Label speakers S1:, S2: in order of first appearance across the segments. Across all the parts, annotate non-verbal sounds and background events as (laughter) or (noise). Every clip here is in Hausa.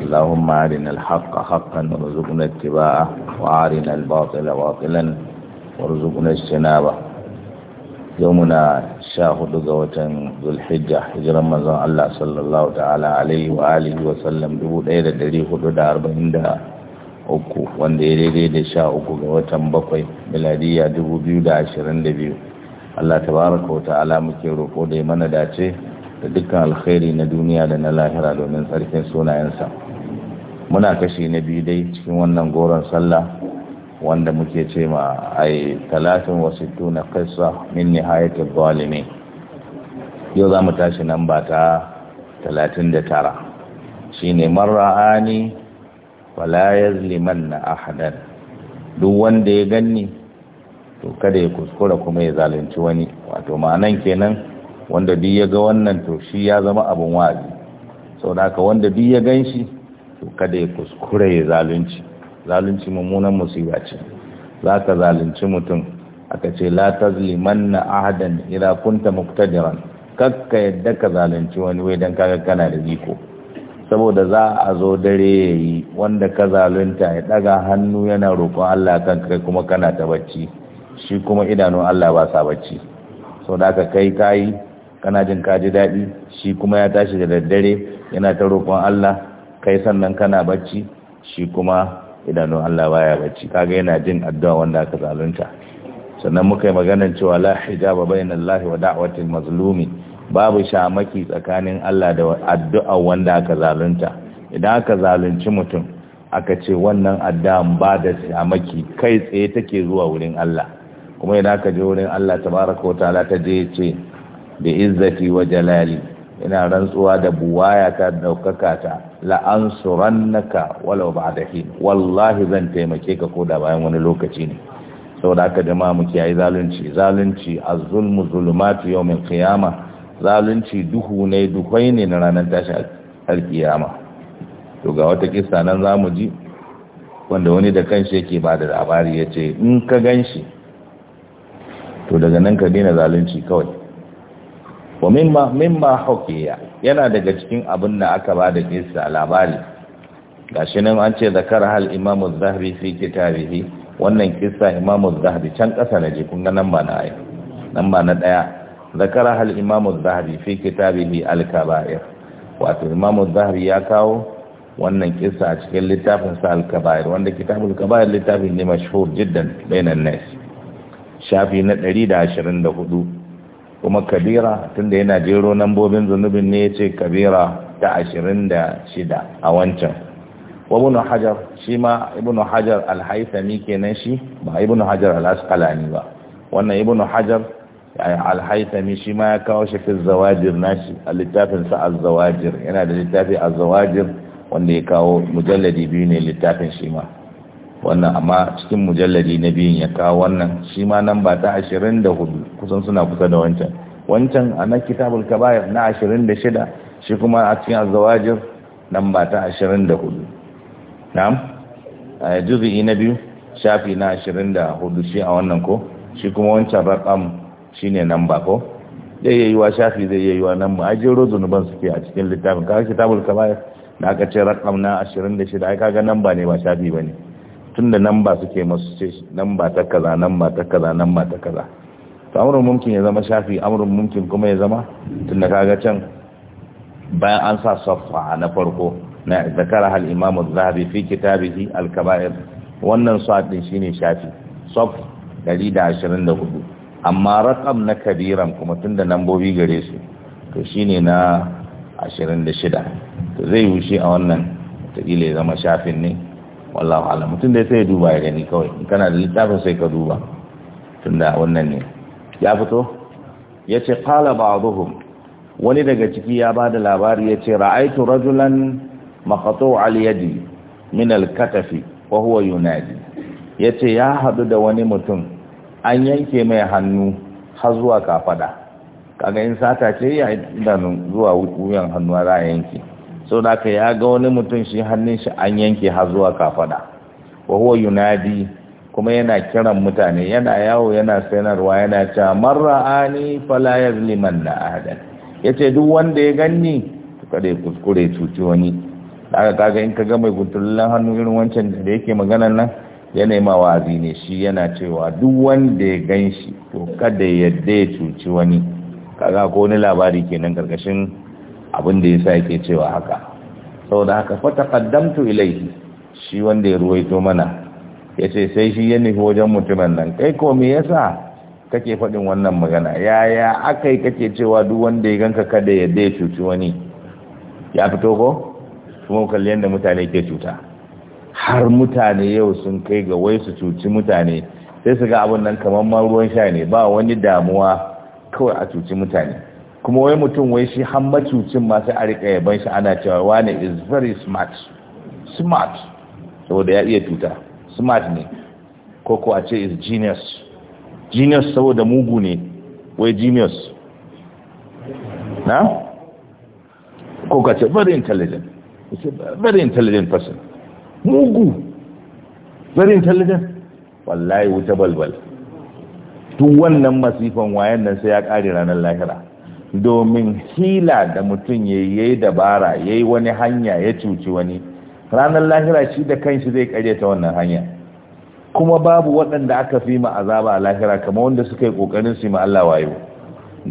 S1: اللهم أرنا الحق حقا وارزقنا اتباعه وأرنا الباطل باطلا وارزقنا اجتنابه يومنا شاهد قوة ذو الحجة هجر رمضان الله صلى الله تعالى عليه وآله وسلم دبو دير دري خدود أربعين دا uku wanda ya daidai da sha uku ga watan bakwai miladiya dubu biyu da ashirin da biyu Allah tabaraka wa ta'ala muke roƙo da ya mana dace da dukkan alkhairi na duniya da na lahira domin tsarkin sunayensa muna kashi na biyu dai cikin wannan goron sallah wanda muke ce ma ai talatin wasu tuna qissa min nihayatil zalimin yau za mu tashi nan ba ta talatin da tara Shi ne shine marra'ani liman na ahadan duk wanda ya ganni to kada ya kuskura kuma ya zalunci wani wato ma'anan kenan wanda biyu ya ga wannan to shi ya zama abin wa'azi sau da haka wanda biyu ya gan shi kada ya kuskure ya zalunci zalunci mummunan musiba ce za ka zalunci mutum aka ce la tazliman na ahadan idza kunta Muktadiran. kakka yadda ka zalunci wani wai don kaga kana da iko saboda za a zo dare ya yi wanda ka zalunta ya daga hannu yana roƙon Allah kan kai kuma kana ta bacci shi kuma idanun Allah ba sa bacci da ka kai kayi kana jin kaji daɗi shi kuma ya tashi da daddare yana ta roƙon Allah kai sannan kana bacci shi kuma idanun Allah baya bacci kaga yana jin addu'a wanda aka zalunta sannan muka yi maganar cewa la hijaba bainallahi wa da'watil mazlumi babu shamaki tsakanin Allah da addu'a wanda aka zalunta idan aka zalunci mutum aka ce wannan addu'an ba da shamaki kai tsaye take zuwa wurin Allah kuma idan aka je wurin Allah tabaraka wa ta'ala ta je ce bi izzati wa jalali ina rantsuwa da buwaya ta daukaka ta la'ansurannaka walau ba'da hin wallahi zan taimake ka koda bayan wani lokaci ne saboda haka ma mu kiyaye zalunci zalunci az-zulmu zulumat yawmin qiyama zalunci duhu ne duhai ne na ranar tashi alkiyama to ga wata kissa nan zamu ji wanda wani da kanshi yake ba da labari yace in ka ganshi to daga nan ka daina zalunci kawai wa mimma mimma hukiya yana daga cikin abin da aka ba da kissa labari gashi nan an ce zakar hal imamu zahabi fi kitabihi wannan kissa imamu zahabi can kasa na ji kun ga nan ba na ayi nan ba na daya zakar hal imamu zahabi fi kitabihi al kaba'ir wato imamu zahabi ya kawo wannan kisa a cikin littafin sa al kaba'ir wanda kitabul kaba'ir littafin ne mashhur jiddan bainan nas shafi na 124 kuma kabira tunda yana jero nambobin zunubin ne ya ce kabira ta ashirin da shida a wancan wabunu hajar shi ma ibnu hajar alhaisami kenan shi ba ibnu hajar alaskalani ba wannan ibnu hajar eh, alhaisami shi ma ya kawo shi zawajir nashi a littafinsa a zawajir yana da littafi a zawajir wanda ya kawo mujalladi biyu ne littafin shi ma wannan amma cikin mujalladi na biyun ya kawo wannan shi ma nan ba ta ashirin da hudu kusan suna kusa da wancan wancan a na kitabul kabayar na ashirin da shida shi kuma a cikin azawajir nan ba ta ashirin da hudu na'am a juzi'i na biyu shafi na ashirin da hudu shi a wannan ko shi kuma wancan rakam shi ne nan ba ko zai yi wa shafi zai yi wa nan ba a jero zunuban suke a cikin littafin kawai kitabul kabayar na aka ce rakam na ashirin da shida ai kaga nan ba ne ba shafi ba ne tunda nan ba suke masu ce nan ba ta kaza nan ba ta kaza nan ba ta kaza to amurin mumkin ya zama shafi amurin mumkin kuma ya zama tunda kaga can bayan an sa safa na farko na zakara hal imamu zahabi fi kitabihi alkaba'ir wannan sa'adin shine shafi saf 124 amma rakam na kabiran kuma tunda nambobi gare su to shine na 26 to zai wuce a wannan ta ya zama shafin ne wallahu ala mutum da sai ya duba ya gani kawai in kana da littafin sai ka duba tunda wannan ne ya fito ya ce kala ba wani daga ciki ya ba da labari ya ce ra'aitu rajulan makato al min alkatafi katafi wa huwa yunadi ya ce ya haɗu da wani mutum an yanke mai hannu har zuwa kafada kaga in sata ce ya idanun zuwa wuyan hannu za a yanke sau da ka ya ga wani mutum shi hannun shi an yanke har zuwa kafada wa huwa yunadi kuma yana kiran mutane yana yawo yana sanarwa yana cewa liman fala yazlimanna ahadan ce duk wanda ya ganni kada ya kuskure cuci wani daga kaga in ka ga mai guntullan hannu irin wancan da yake maganan nan ya ma wazi ne shi yana cewa duk wanda ya ganshi to kada ya yadda ya cuci wani kaga ko wani labari kenan karkashin abin da yasa yake cewa haka saboda haka fa taqaddamtu ilayhi shi wanda ya ruwaito mana yace sai shi ya nufi wajen mutumin nan kai ko me yasa kake faɗin wannan magana yaya akai kake cewa duk wanda ya ganka kada ya dai cuci wani ya fito ko kuma kalli yadda mutane ke cuta har mutane yau sun kai ga wai su cuci mutane sai su ga abin nan kamar ma ruwan sha ne ba wani damuwa kawai a cuci mutane kuma wai mutum wai shi han macucin masu sai a rika yaban shi ana cewa wane is very smart smart saboda ya iya tuta smart ne ko ko a ce is genius genius saboda mugu ne wai genius na ko ka ce very intelligent it's a very intelligent person mugu very intelligent wallahi wuta balbal duk wannan masifan wayan nan sai ya kare ranar lahira domin hila da mutum ya yi dabara ya yi wani hanya ya cuci wani ranar lahira shi da kanshi zai ta wannan hanya kuma babu waɗanda aka fi ma azaba a lahira kamar wanda suka yi ƙoƙarin su yi Allah wayo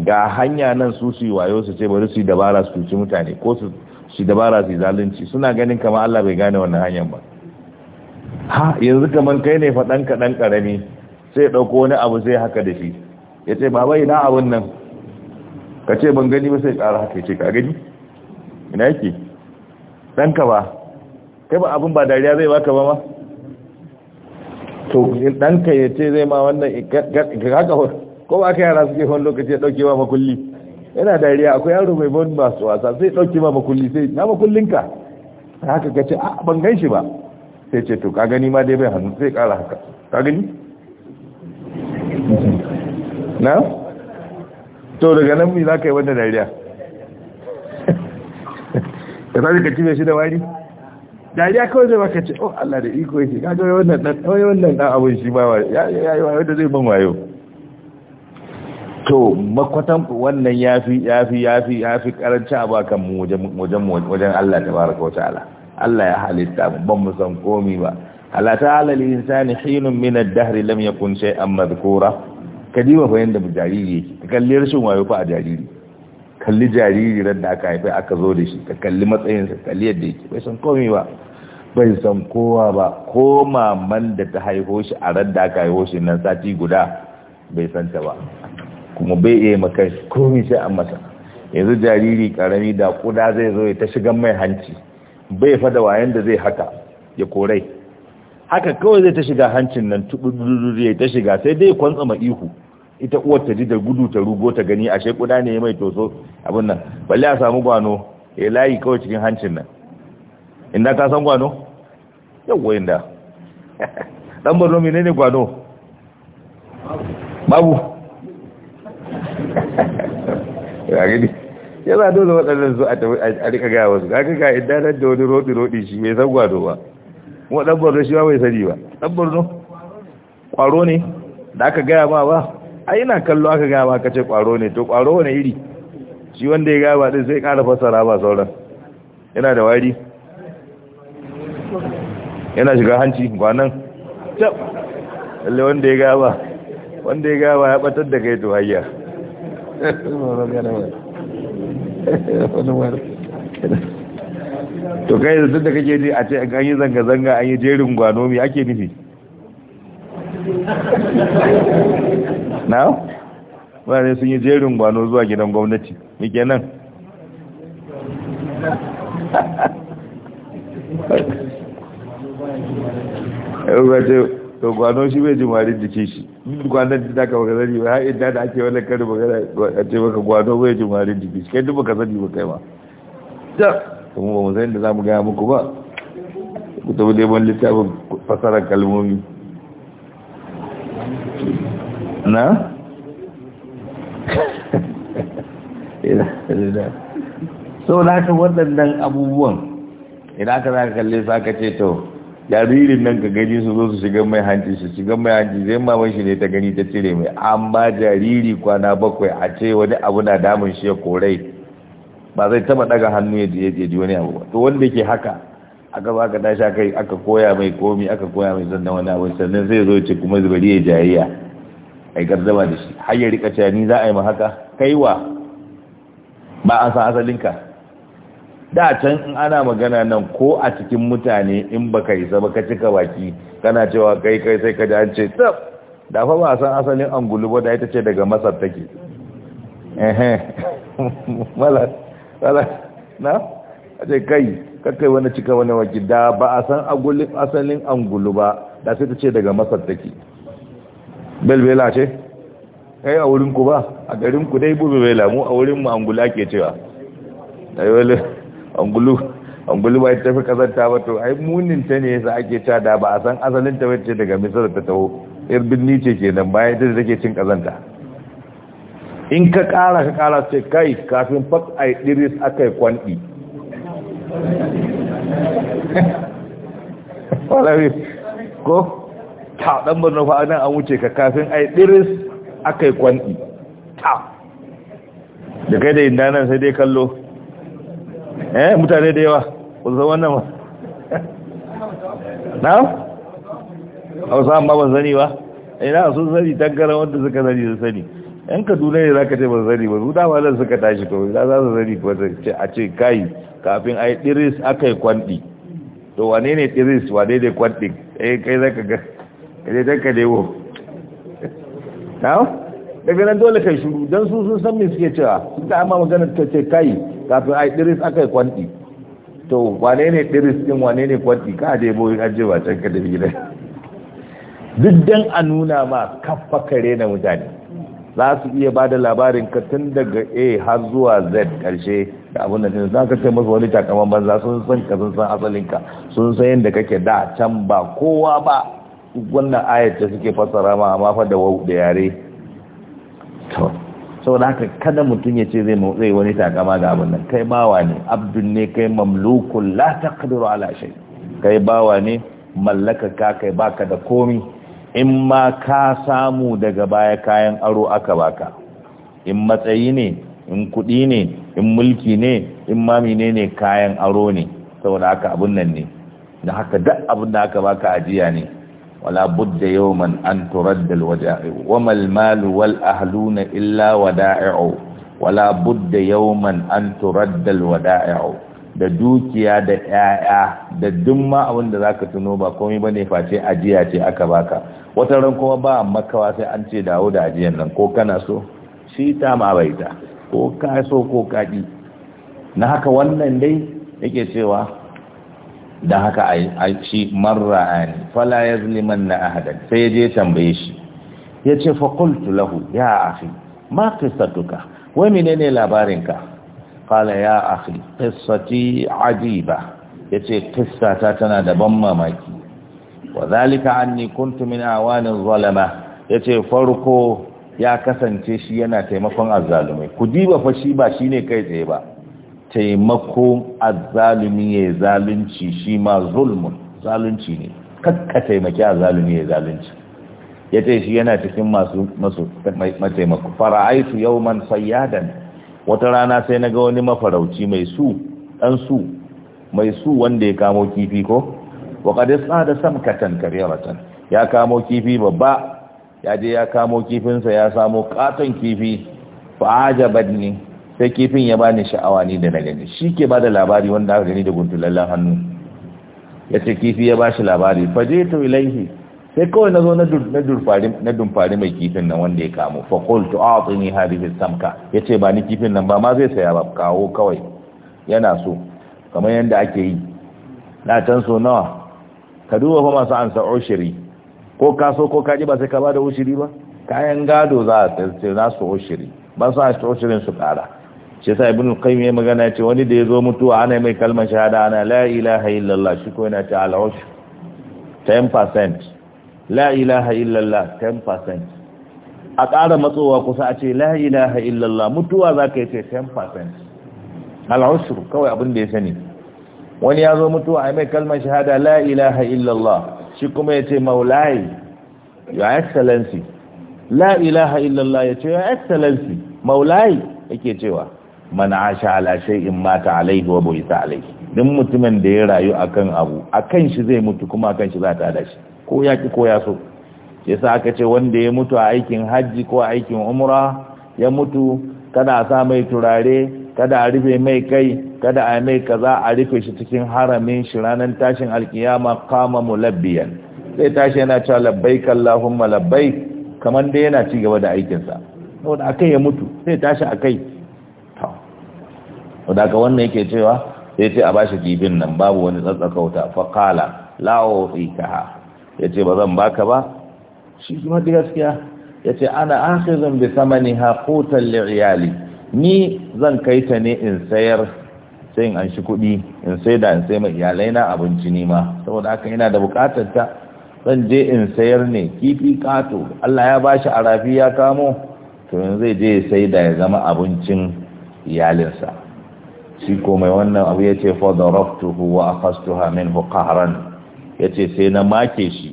S1: ga hanya nan su su yi wayo su ce bari su yi dabara su cuci mutane ko su su dabara su yi zalunci suna ganin kamar Allah bai gane wannan hanyar ba ha yanzu kamar kai ne fa ɗan kaɗan ƙarami sai ya ɗauko wani abu sai haka da shi ya ce baba ina abun nan ka ce ban gani ba sai ƙara haka ce ka gani ina yake ka ba kai ba abin ba dariya zai baka ba ma to ka ya ce zai ma wannan haka ko ba aka yara suke wani lokaci ya ɗauke ba makulli yana dariya akwai yaro mai ban masu wasa sai ɗauke ba makulli sai na makullin Ka haka ka ce a ah, ban gan shi ba sai ce to ka gani ma dai bai hannu sai ƙara haka ka gani na to daga nan mu za ka yi wanda dariya da (laughs) sa ka cibe shi da wari dariya kawai zai baka ce oh Allah da iko yake ka gawai wannan dan kawai wannan dan abun shi ba ya yi wanda da zai ban wayo to makwatan wannan yafi yafi yafi yafi karanci a bakan mu wajen wajen wajen Allah tabaraka wa ta'ala Allah ya halitta ban musan komi ba Allah ta'ala lil insani hinun min ad-dahr lam yakun shay'an madhkura ka diba fa yanda jariri yake ka kalli rashin wayo fa a jariri kalli jariri ran da aka haifa aka zo da shi ka kalli matsayinsa kalli yadda yake bai san komai ba bai san kowa ba ko maman da ta haifo shi a ran da aka haifo shi nan sati guda bai san ta ba kuma bai iya maka komai sai an masa yanzu jariri karami da kuda zai zo ya ta shigan mai hanci bai fada wayan da zai haka ya korai haka kawai zai ta shiga hancin nan tuɓi ya ta shiga sai dai kwantsama ihu ita uwar ta ji da gudu ta rugo ta gani ashe kuda ne mai toso abin nan balle a samu gwano ya layi kawai cikin hancin nan inda ka san gwano Yau yawwa inda (laughs) dan ne ne gwano babu (laughs) ya gidi ya za dole waɗannan su a rika gaya wasu kaga ga nan da wani roɗi roɗi shi mai san gwano ba kuma dan borno shi ba mai sani ba dan borno kwaro ne da aka gaya ma ba a yana kallo aka ga ka ce kwaro ne to kwaro wani iri shi wanda ya gaba din sai kara fasara ba sauran yana da wari yana shiga hanci ba nan lalle wanda ya gaba wanda ya gama ya batar da kai to hayya to kai da da kake ji a ce an yi zanga-zanga an yi jerin gwano me ake nufi na wane sun yi jerin gwano zuwa gidan gwamnati muke nan to gwano shi bai jimarin jikin shi gwanon da ka baka zari ba inda da ake wani kari a ce baka gwano bai jimarin jikin shi kai duk baka zari ba kai ma da kuma ba mu zai da za mu gaya muku ba ku tabi dai ban littafin fasarar kalmomi na? so na ka waɗannan abubuwan idan aka za ka kalle sa ka ce to jaririn nan ka gani su zo su shiga mai hanci su shiga mai hanci zai ma shi ne ta gani ta cire mai an ba jariri kwana bakwai a ce wani abu na damun shi ya korai ba zai taba daga hannu ya je ji wani abu ba to wanda ke haka aka ba ka tashi aka koya mai komi aka koya mai zanna wani abu sannan zai zo ce kuma zubari ya jariya ai garzaba da shi har ya rika cewa ni za a yi ma haka kaiwa ba a san asalinka da can in ana magana nan ko a cikin mutane in baka isa ba ka cika baki kana cewa kai kai sai ka ji an ce tsaf da fa ba san asalin angulu ba da ita ce daga masar take ehe (laughs) mala na a ce kai kakai wani cika wani waki da ba a san asalin angulu ba da sai ta ce daga masar take belbela ce kai a wurin ba a garin ku dai bube bela mu a wurin mu angula ke cewa ai wala angulu angulu bai tafi kazanta ba to ai munin ta ne yasa ake cewa da ba a san asalin ta bace daga misar ta taho irbin ni ce kenan bayan ta take cin kazanta in ka kara ka kara ce kai kafin fak ai diris akai kwanti (laughs) wala ko ta dan barna fa nan an wuce ka kafin ai diris akai kwanti ta da kai da inda nan sai dai kallo eh mutane da yawa ku san wannan ma au sa amma ban sani ba ina sun sani dangara wanda suka sani su sani ka kaduna ne za ka ce ban sani ba su dama nan suka tashi to za za su sani ba a ce kai kafin ai diris akai kwanti to wane ne diris wane ne kwanti? eh kai zaka ga kaje ta ka dewo daga nan dole kai shuru don su sun san me suke cewa su ta amma magana ta ce kai kafin ai diris yi kwanti to wane ne diris din wane ne kwanti ka ya boye aje ajiye can ka da gida duk dan a nuna ma kafa kare na mutane za su iya ba da labarin ka tun daga a har zuwa z karshe da abin da za ka ce masu wani takaman banza sun san ka sun san asalinka sun san yadda kake da can ba kowa ba wannan ayat da suke fassara ma amma fa da wau da yare to saboda haka kada mutum ya ce zai motsa wani takama ga abin nan kai bawa ne abdun ne kai mamlukun la taqdiru ala shay kai bawa ne mallaka ka kai baka da komi in ma ka samu daga baya kayan aro aka baka in matsayi ne in kudi ne in mulki ne in mami ne ne kayan aro ne saboda haka abun nan ne da haka duk abin da aka baka ajiya ne ولا بد يوما أن ترد الودائع وما المال والأهلون إلا ودائع ولا بد يوما an ترد الودائع da dukiya da ƴaƴa da duk ma abin da zaka tuno ba komai bane face ajiya ce aka baka wata ran kuma ba makawa sai an ce dawo da ajiyan nan ko kana so shi ta ma ko ka so ko ka na haka wannan dai yake cewa don haka a shi marra'ani fala ya zuliman na ahadan sai ya je tambaye shi ya ce fakultu lahu ya afi ma kisatuka wai menene labarinka kala ya afi kisati ajiba ya ce ta tana da ban mamaki Wazalika zalika anni kuntu min awanin zalama ya ce farko ya kasance shi yana taimakon azzalumai ku diba fa shi ba shine kai tsaye ba taimako zalumi ya zalunci shi ma zulmun zalunci ne kakka taimaki zalumi ya zalunci ya ce shi yana cikin masu masu mataimako fara'aitu man sayyadan wata rana sai na ga wani mafarauci mai su dan su mai su wanda ya kamo kifi ko wa qad sada samkatan kariyatan ya kamo kifi babba ya je ya kamo kifinsa ya samo katon kifi fa sai kifin ya bani sha'awa ni da na gani shi ke ba da labari wanda aka gani da guntulallen hannu ya ce kifi ya ba shi labari faje ta ilaihi sai kawai na zo na dumfari mai kifin nan wanda ya kamo fakol to a tsini hadihi samka ya ce ba ni kifin nan ba ma zai saya ba kawo kawai yana so kamar yadda ake yi na can so nawa ka duba fa masu ansa oshiri ko ka so ko ka ba sai ka ba da oshiri ba kayan gado za a tsirce na su oshiri ba su a oshirin su kara shi sa ibn qayyim ya magana ya ce wani da ya zo mutuwa ana mai kalmar shahada ana la ilaha illallah shi ko yana ce al-ush 10% la ilaha illallah 10% a ƙara matsowa kusa a ce la ilaha illallah mutuwa za ka yi ce 10% al-ush kawai abin da ya sani wani ya zo mutuwa a mai kalmar shahada la ilaha illallah shi kuma ya ce maulai your excellency la ilaha illallah ya ce your excellency maulai yake cewa man asha ala shay'in mata alaihi wa buhita alaihi duk mutumin da ya rayu akan abu akan shi zai mutu kuma akan shi za ta hada shi ko ya ki ko ya so yasa aka ce wanda ya mutu a aikin hajji ko aikin umra ya mutu kada a sa mai turare kada a rufe mai kai kada a mai kaza a rufe shi cikin haramin shi ranar tashin alkiyama kama mulabbiyan sai tashi yana cewa labbaik Allahumma labbaik kamar dai yana ci gaba da aikinsa saboda akai ya mutu sai tashi akai to daga wannan yake cewa sai ce a bashi jibin nan babu wani tsatsaka wuta fa qala la Ya yace ba zan baka ba shi kuma da gaskiya yace ana zan bi samaniha qutan li iyali ni zan kai ta ne in sayar sai in anshi kuɗi in sai da in sai mai iyalai na abinci ne ma saboda haka yana da buƙatar ta zan je in sayar ne kifi kato Allah ya bashi arafi ya kamo to yanzu zai je ya sai da ya zama abincin iyalinsa shi ko mai wannan abu ya ce fadaraftuhu wa afastuha minhu qahran ya ce sai na make shi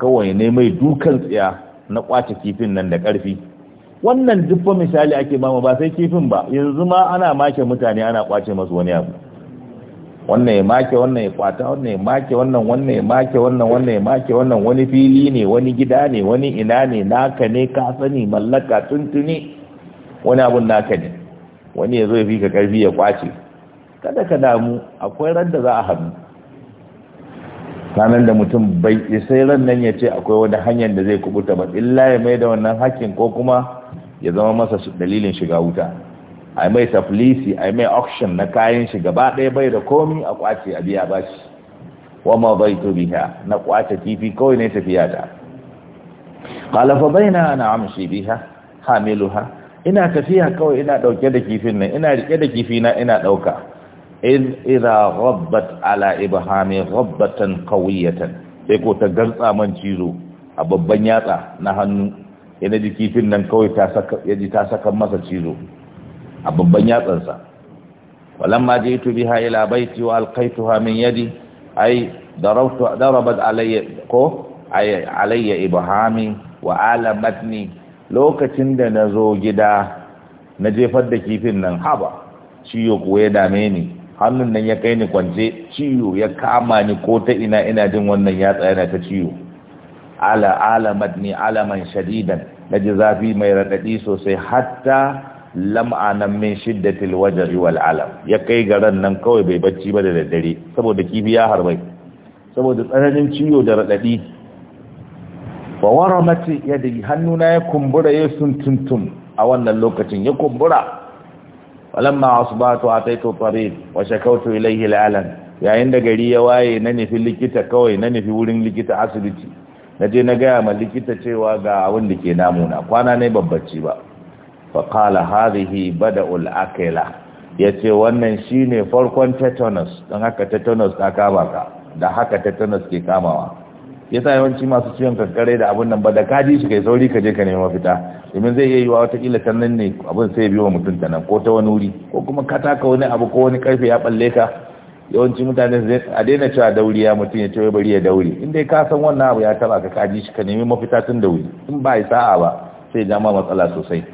S1: kawai ne mai dukan tsiya na kwace kifin nan da ƙarfi wannan duk misali ake bamu ba sai kifin ba yanzu ma ana make mutane ana kwace masu wani abu wannan ya make wannan ya kwata wannan ya make wannan wannan ya make wannan wannan ya make wannan wani fili ne wani gida ne wani ina ne naka ne ka sani mallaka tuntuni wani abun naka ne wani ya zo ya fi ka karfi ya kwace kada ka damu akwai ran da za a hannu ranar da mutum bai isai ran nan ya ce akwai wani hanyar da zai kubuta ba illa ya mai da wannan hakkin ko kuma ya zama masa dalilin shiga wuta a mai taflisi a mai auction na kayan shi gaba ɗaya bai da komi a kwace a biya bashi wama bai to biya na kwace kifi kawai ne tafiya ta qala fa amshi hamiluha ina tafiya kawai ina ɗauke da kifin nan ina rike da na ina dauka in rabbat ala ibhami rabbatan qawiyatan sai ko ta gantsa man cizo a babban yatsa na hannu ina ji kifin nan kawai ta saka yaji ta saka masa cizo a babban yatsansa walamma jaitu biha ila baiti wa alqaituha min yadi ay darabtu darabat alayya ko ay alayya ibhami wa alamatni lokacin da na zo gida na jefar da kifin nan haba ciyo kuwa ya dame ni hannun nan ya kai ni kwance ciyo ya kama ni ko ta ina ina jin wannan ya tsaya ta ciyo ala alamat ni alaman shadidan na ji zafi mai raɗaɗi sosai hatta lam'anan min shiddatil wajari wal alam ya kai garan nan kawai bai bacci ba da daddare saboda kifi ya harbai saboda tsananin ciyo da raɗaɗi wa waramati yadi hannuna ya kumbura ya tuntun a wannan lokacin ya kumbura walamma asbatu ataitu tarid wa shakawtu ilaihi la'alan yayin da gari ya waye na nufi likita kawai na nufi wurin likita asibiti na je na gaya ma likita cewa ga abin da ke namuna kwana ne babbaci ba faƙala harihi bada ul'akela ya ce wannan shi ne farkon tetanus don haka tetanus ta kama ka da haka tetanus ke kamawa yasa yawanci masu ciwon kankare da abin nan ba da kaji shi kai sauri ka je ka nemi mafita domin zai iya yi wa watakila ta nan ne abin sai biyo mutum ta nan ko ta wani wuri ko kuma ka taka wani abu ko wani karfe ya balle ka yawanci mutane a daina cewa dauri ya mutum ya cewa bari ya dauri in dai ka san wannan abu ya taba ka kaji shi ka nemi mafita tun da wuri in ba sa'a ba sai ya dama matsala sosai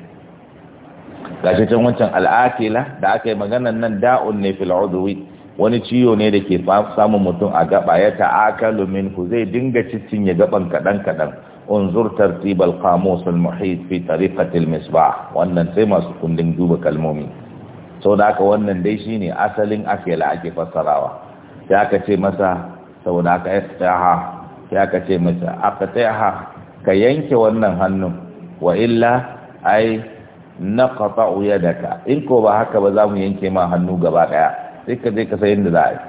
S1: gashi can wancan al'akila da aka yi maganan nan da'un ne fil'udwi wani ciwo ne da ke samun mutum a gaba ya ta'akalu ku zai dinga cikin ya gaban kadan kadan unzur tartib al-qamus al-muhit fi tariqat al-misbah wannan sai masu kundin duba kalmomi sau da aka wannan dai shine asalin akela ake fassarawa sai aka ce masa sau da aka istaha sai aka ce masa aqtaha ka yanke wannan hannun wa illa ai naqta'u yadaka in ko ba haka ba za mu yanke ma hannu gaba ɗaya. sai ka je ka sayin da za a yi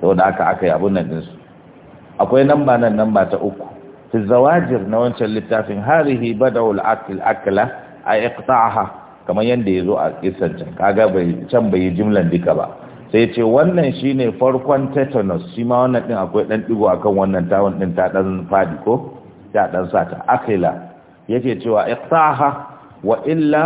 S1: saboda aka aka yi abun nan ɗinsu akwai namba nan namba ta uku fi zawajir na wancan littafin harihi badawul akil akila a iqta'aha kamar yadda ya zo a kisan can kaga bai can bai yi jimlan duka ba sai ce wannan shine farkon tetanus shi ma wannan din akwai dan digo akan wannan tawon din ta dan fadi ko ta dan sata akila yake cewa iqta'aha wa illa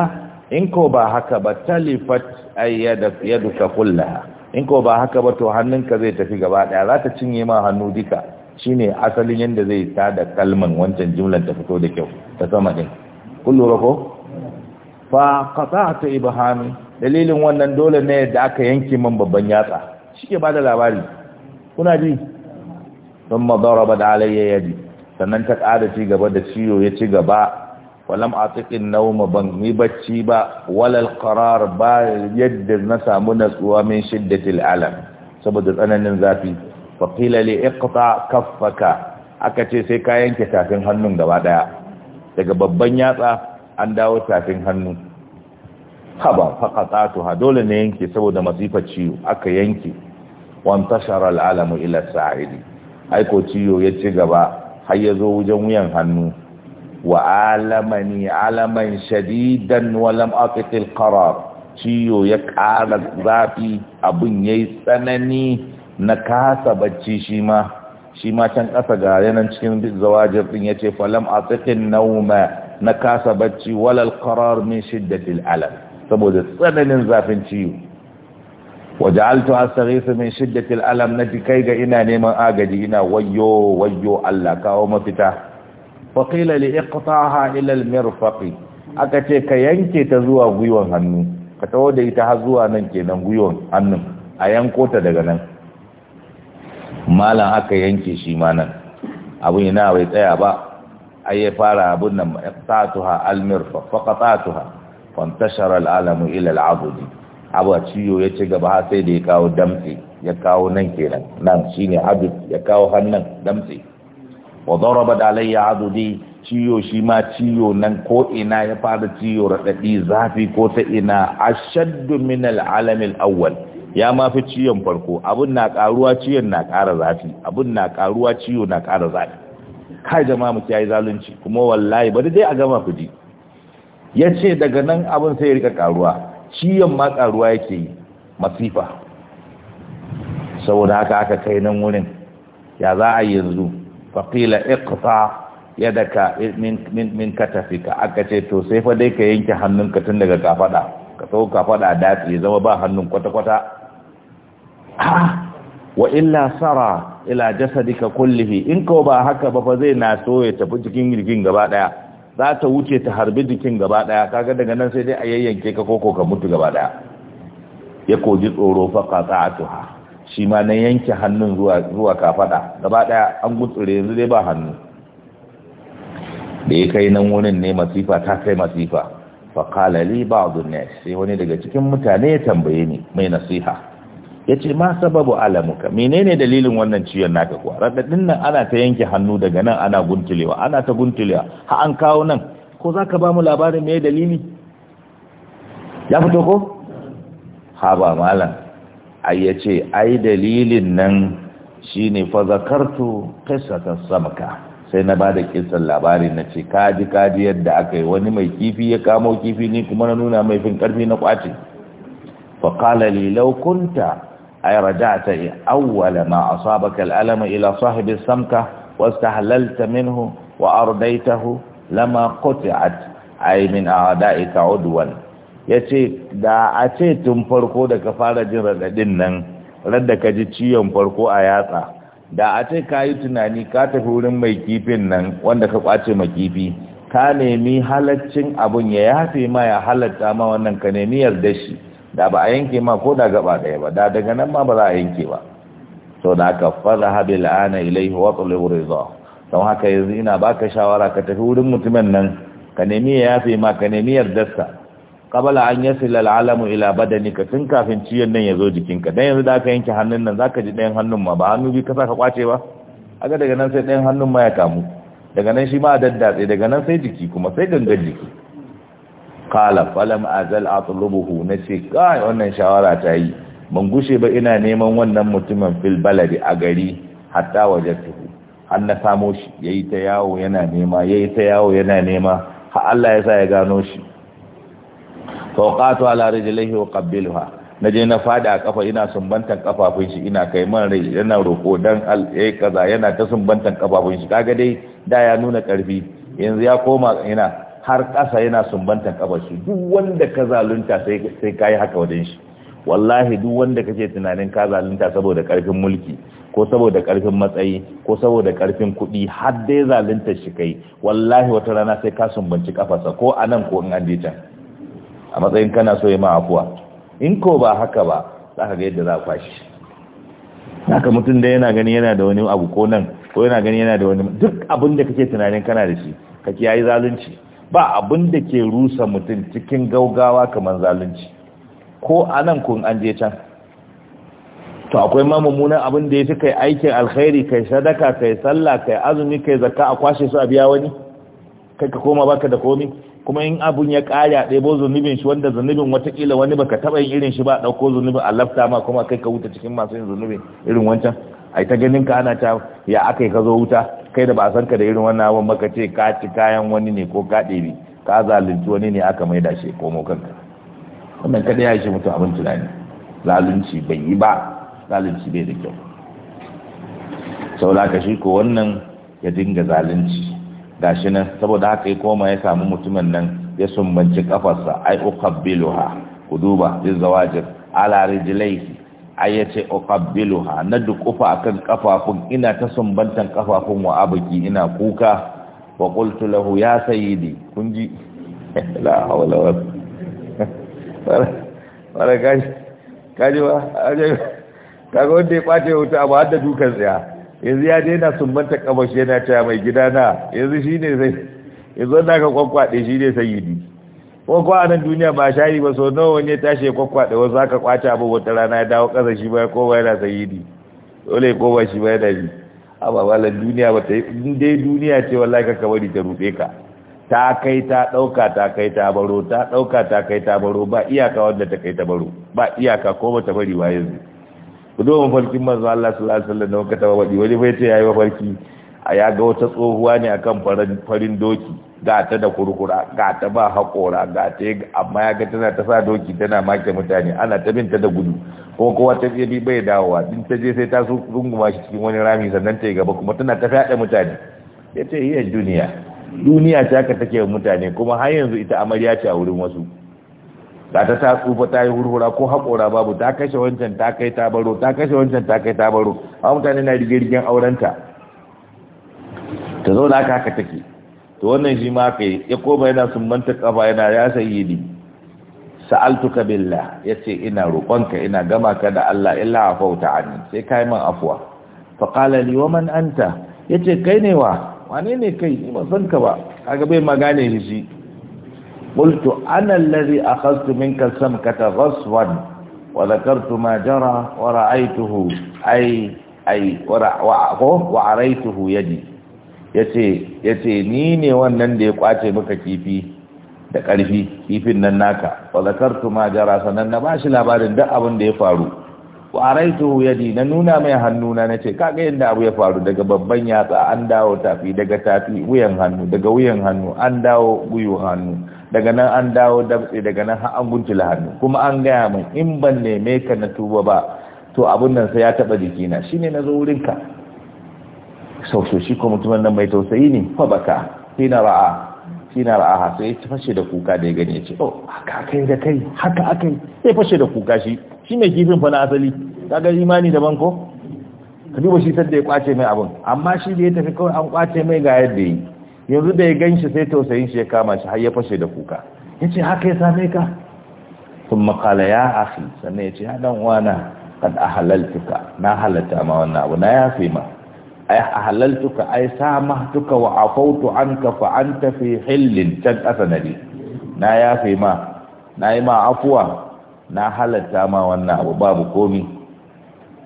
S1: in ko ba haka ba talifat ayyada yaduka kullaha in ko ba haka ba to hannunka zai tafi gaba daya za ta cinye ma hannu duka shine asalin yanda zai ta da kalman wancan jumlan ta fito da kyau ta sama din kun lura ko fa qata'tu hannu. dalilin wannan dole ne da aka yanke man babban yatsa shike ba da labari kuna ji thumma daraba da yadi sannan ta ƙara ci gaba da ciyo ya ci gaba walam atiqin nauma ban yi bacci ba walal qarar ba yadda na samu natsuwa min shiddatil alam saboda tsananin zafi fa qila li iqta kaffaka aka ce sai ka yanke tafin hannun gaba daya daga babban yatsa an dawo tafin hannu haba ha, dole ne yanke saboda masifar ciwo aka yanke wan tashara al alamu ila sa'idi aiko ciwo ya ci gaba har ya zo wajen wuyan hannu وعالمني علما شديدا ولم أقت القرار ciyo ya ƙara zafi abin ya yi tsanani na kasa bacci shi ma shi ma can ƙasa ga yanan cikin zawajir ɗin ya ce falam a tsikin nauma na kasa bacci walal qarar min shiddatil alam saboda tsananin zafin ciwo waja'altu astaghiithu min shiddatil alam naji kai ga ina neman agaji ina wayyo wayyo Allah kawo mafita faƙila li iqta'aha ila al-mirfaqi aka ce ka yanke ta zuwa guyon hannu ka tawo da ita har zuwa nan kenan guyon hannun a yanko ta daga nan malam aka yanke shi ma nan abun yana bai tsaya ba ai ya fara abun nan iqta'atuha al-mirfaq fa fantashara al-alamu ila al-'abudi abu a ciyo ya ci gaba sai da ya kawo damtse ya kawo nan kenan nan shine abud ya kawo hannun damtse wa da alayya azudi ciyo shi ma ciyo nan ko ina ya fara ciyo radadi zafi ko ta ina ashaddu min al-alam al-awwal ya ma fi ciyon farko abun na karuwa ciyon na kara zafi abun na karuwa ciyo na kara zafi kai jama'a mu kiyaye zalunci kuma wallahi bari dai a gama fiji yace daga nan abun sai ya rika karuwa ciyon ma karuwa yake yi masifa saboda haka aka kai nan wurin ya za a yanzu faƙila iqta yadaka min min min katafika aka ce to sai fa dai ka yanke hannunka tun daga kafada ka sau kafada dace ya zama ba hannun kwata kwata wa illa sara ila jasadika kullihi in ko ba haka ba fa zai na so ya tafi cikin jikin gaba daya za ta wuce ta harbi jikin gaba daya kaga daga nan sai dai a yayyanke ka koko ka mutu gaba daya ya koji tsoro fa tuha. shi ma na yanke hannun zuwa kafada gaba daya an gutsure yanzu dai ba hannu da ya kai nan wurin ne masifa ta kai masifa faƙala li ba'dun nas sai wani daga cikin mutane ya tambaye ni mai nasiha yace ma sababu alamuka menene dalilin wannan ciwon naka kuwa radadin nan ana ta yanke hannu daga nan ana guntulewa ana ta guntulewa ha an kawo nan ko zaka ba mu labarin me dalili ya fito ko ha ba malam ai yace ai dalilin nan shine fa zakartu qissatan samka sai na bada kissan labarin na ce kaji kaji yadda aka yi wani mai kifi ya kamo kifi ne kuma na nuna mai fin karfi na kwace fa lilaukunta li law kunta ay awwala ma asabaka al-alam ila sahibi samka wastahlalta minhu wa ardaitahu lama a ay min a'da'ika udwan ya ce da a ce tun farko da ka fara jin raɗaɗin nan radda ka ji ciyon farko a yatsa da a ce ka yi tunani ka tafi wurin mai kifin nan wanda ka kwace mai kifi ka nemi halaccin abun ya yafe ma ya halatta ma wannan ka nemi yarda shi da ba a yanke ma ko da gaba ɗaya ba da daga nan ma ba za a yanke ba sau da aka fara habil la'ana ilaihi wa tsulewar rizal don haka yanzu ina baka shawara ka tafi wurin mutumin nan ka nemi ya yafe ma ka nemi yardarsa Kabala an yasila al'alamu ila ka tun kafin ciyon nan ya zo jikinka dan yanzu da aka yanke hannun nan zaka ji ɗayan hannun ma ba hannu bi ka saka kwace ba aga daga nan sai ɗayan hannun ma ya kamu daga nan shi ma a daddatse daga nan sai jiki kuma sai gangan jiki Kala, falam azal atlubuhu nace kai wannan shawara ta yi ban gushe ba ina neman wannan mutumin fil baladi a gari hatta wajatuhu an na samo shi yayi ta yawo yana nema yayi ta yawo yana nema har Allah ya sa ya gano shi fawqatu ala rijlihi wa qabbilha naje na fada a kafa ina sumbantan kafafun shi ina kai man rai yana roko dan al eh, kaza yana ta sumbantan kafafun shi kaga dai da ya nuna karfi yanzu ya koma ina har kasa yana sumbantan kafar shi duk wanda ka zalunta sai sai kai haka wajen shi wallahi duk wanda kake tunanin ka zalunta saboda karfin mulki ko saboda karfin matsayi ko saboda karfin kuɗi har dai zalunta shi kai wallahi wata rana sai ka sumbanci kafarsa ko anan ko in an je a matsayin kana so ya ma in ko ba haka ba za ka ga yadda za a kwashi haka mutum da yana gani yana da wani abu ko nan ko yana gani yana da wani duk abin da kake tunanin kana da shi kake yayi zalunci ba abin da ke rusa mutum cikin gaugawa kamar zalunci ko anan kun an je can to akwai ma mummunan abin da ya fi kai aikin alkhairi kai sadaka kai sallah kai azumi kai zakka a kwashe su a biya wani kai ka koma baka da komi kuma in abun ya ɗaya ɗebo zunubin shi wanda zunubin watakila wani baka taɓa yin irin shi ba ɗauko zunubin a lafta ma kuma kai ka wuta cikin masu yin zunubin irin wancan a ta ganin ka ana ta ya aka yi ka zo wuta kai da ba a san ka da irin wannan abun maka ce ka ci kayan wani ne ko ka ɗebe? ka zalunci wani ne aka maida shi komo kanka wannan kada ya shi mutum abin tunani zalunci bai yi ba zalunci bai da kyau saboda ka shi ko wannan ya dinga zalunci gashi nan saboda haka ya koma ya samu mutumin nan ya sumbanci kafarsa ai uqabbiluha ku duba zawajir ala rijlaihi ai yace uqabbiluha na dukufa akan kafafun ina ta sumbantan kafafun wa abaki ina kuka wa qultu lahu ya sayyidi kun (laughs) la hawla wa (laughs) wala wanda ya wuta ba da dukan tsaya yanzu ya daina sumbanta kabashi yana taya mai gida na yanzu shi ne zai yanzu na aka kwakwaɗe shi ne yi ko kuwa nan duniya ba shayi ba so nawa wani ya tashi ya kwakwaɗe wasu aka kwace abu wata rana ya dawo ƙasa shi ba kowa yana sayidi dole kowa shi ba yana shi a babalar duniya ba ta yi in dai duniya ce wallahi ka kabari ta rufe ka ta kai ta ɗauka ta kai ta baro ta ɗauka ta kai ta baro ba iyaka wanda ta kai ta baro ba iyaka ko ba ta bari ba yanzu ku farkin mafarkin manzo Allah sallallahu alaihi wasallam da muka taba wadi wani bai ce yayi mafarki a ya ga wata tsohuwa ne akan farin doki ga ta da kurkura ga ta ba haƙora ga ta amma ya ga tana ta sa doki tana make mutane ana ta binta da gudu kuma kowa ta je bi bai dawowa din ta je sai ta su runguma shi cikin wani rami sannan ta yi gaba kuma tana ta fada mutane ya iya duniya duniya ce haka take mutane kuma har yanzu ita amarya ce a wurin wasu ba ta ta tsufa ta yi hurhura ko haƙora babu ta kashe wancan ta kai ta baro ta kashe wancan ta kai ta baro a mutane na rigen aurenta ta zo da take to wannan shi ma kai ya koma yana sumbanta kafa yana ya sa'altu sa'altuka billah ce ina roƙonka ina gama ka da Allah illa a afauta anni sai ka yi man afuwa. fa qala li wa man anta yace kai ne wa wane ne kai ba san ka ba kaga bai magane shi قلت أنا الذي أخذت منك السمكة غصبا وذكرت ما جرى ورأيته أي أي وعريته يدي yace ni ne wannan da ya kwace maka kifi da ƙarfi kifin nan naka wa zakartu ma jara sanan na bashi labarin duk abin da ya faru wa araitu yadi na nuna mai hannuna na ce kaga yadda abu ya faru daga babban yatsa an dawo tafi daga tafi wuyan hannu daga wuyan hannu an dawo guyu hannu daga nan an dawo dabtse daga nan an guntula hannu kuma an gaya min in ban neme ka na tuba ba to abun nan sai ya taba jikina shine na zo wurin ka sau shi ko mutumin nan mai tausayi ne fa baka kina ra'a kina ra'a sai ya fashe da kuka da ya gani ya ce oh haka akai da kai haka akai sai fashe da kuka shi shi mai kifin fa na asali kaga imani daban ko ka duba shi sadda ya kwace mai abun amma shi da ya tafi kawai an kwace mai ga yadda yi yanzu da ya ganshi sai tausayin shi ya kama shi har ya fashe da kuka yace haka ya same ka sun makala ya akhi sannan ya ya dan wana kad ahalaltuka na halatta ma wannan abu na yafe ma ai ahalaltuka ai samahtuka wa afautu anka fa anta fi hillin tan asanali na yafe ma na yi ma afuwa na halatta ma wannan abu babu komi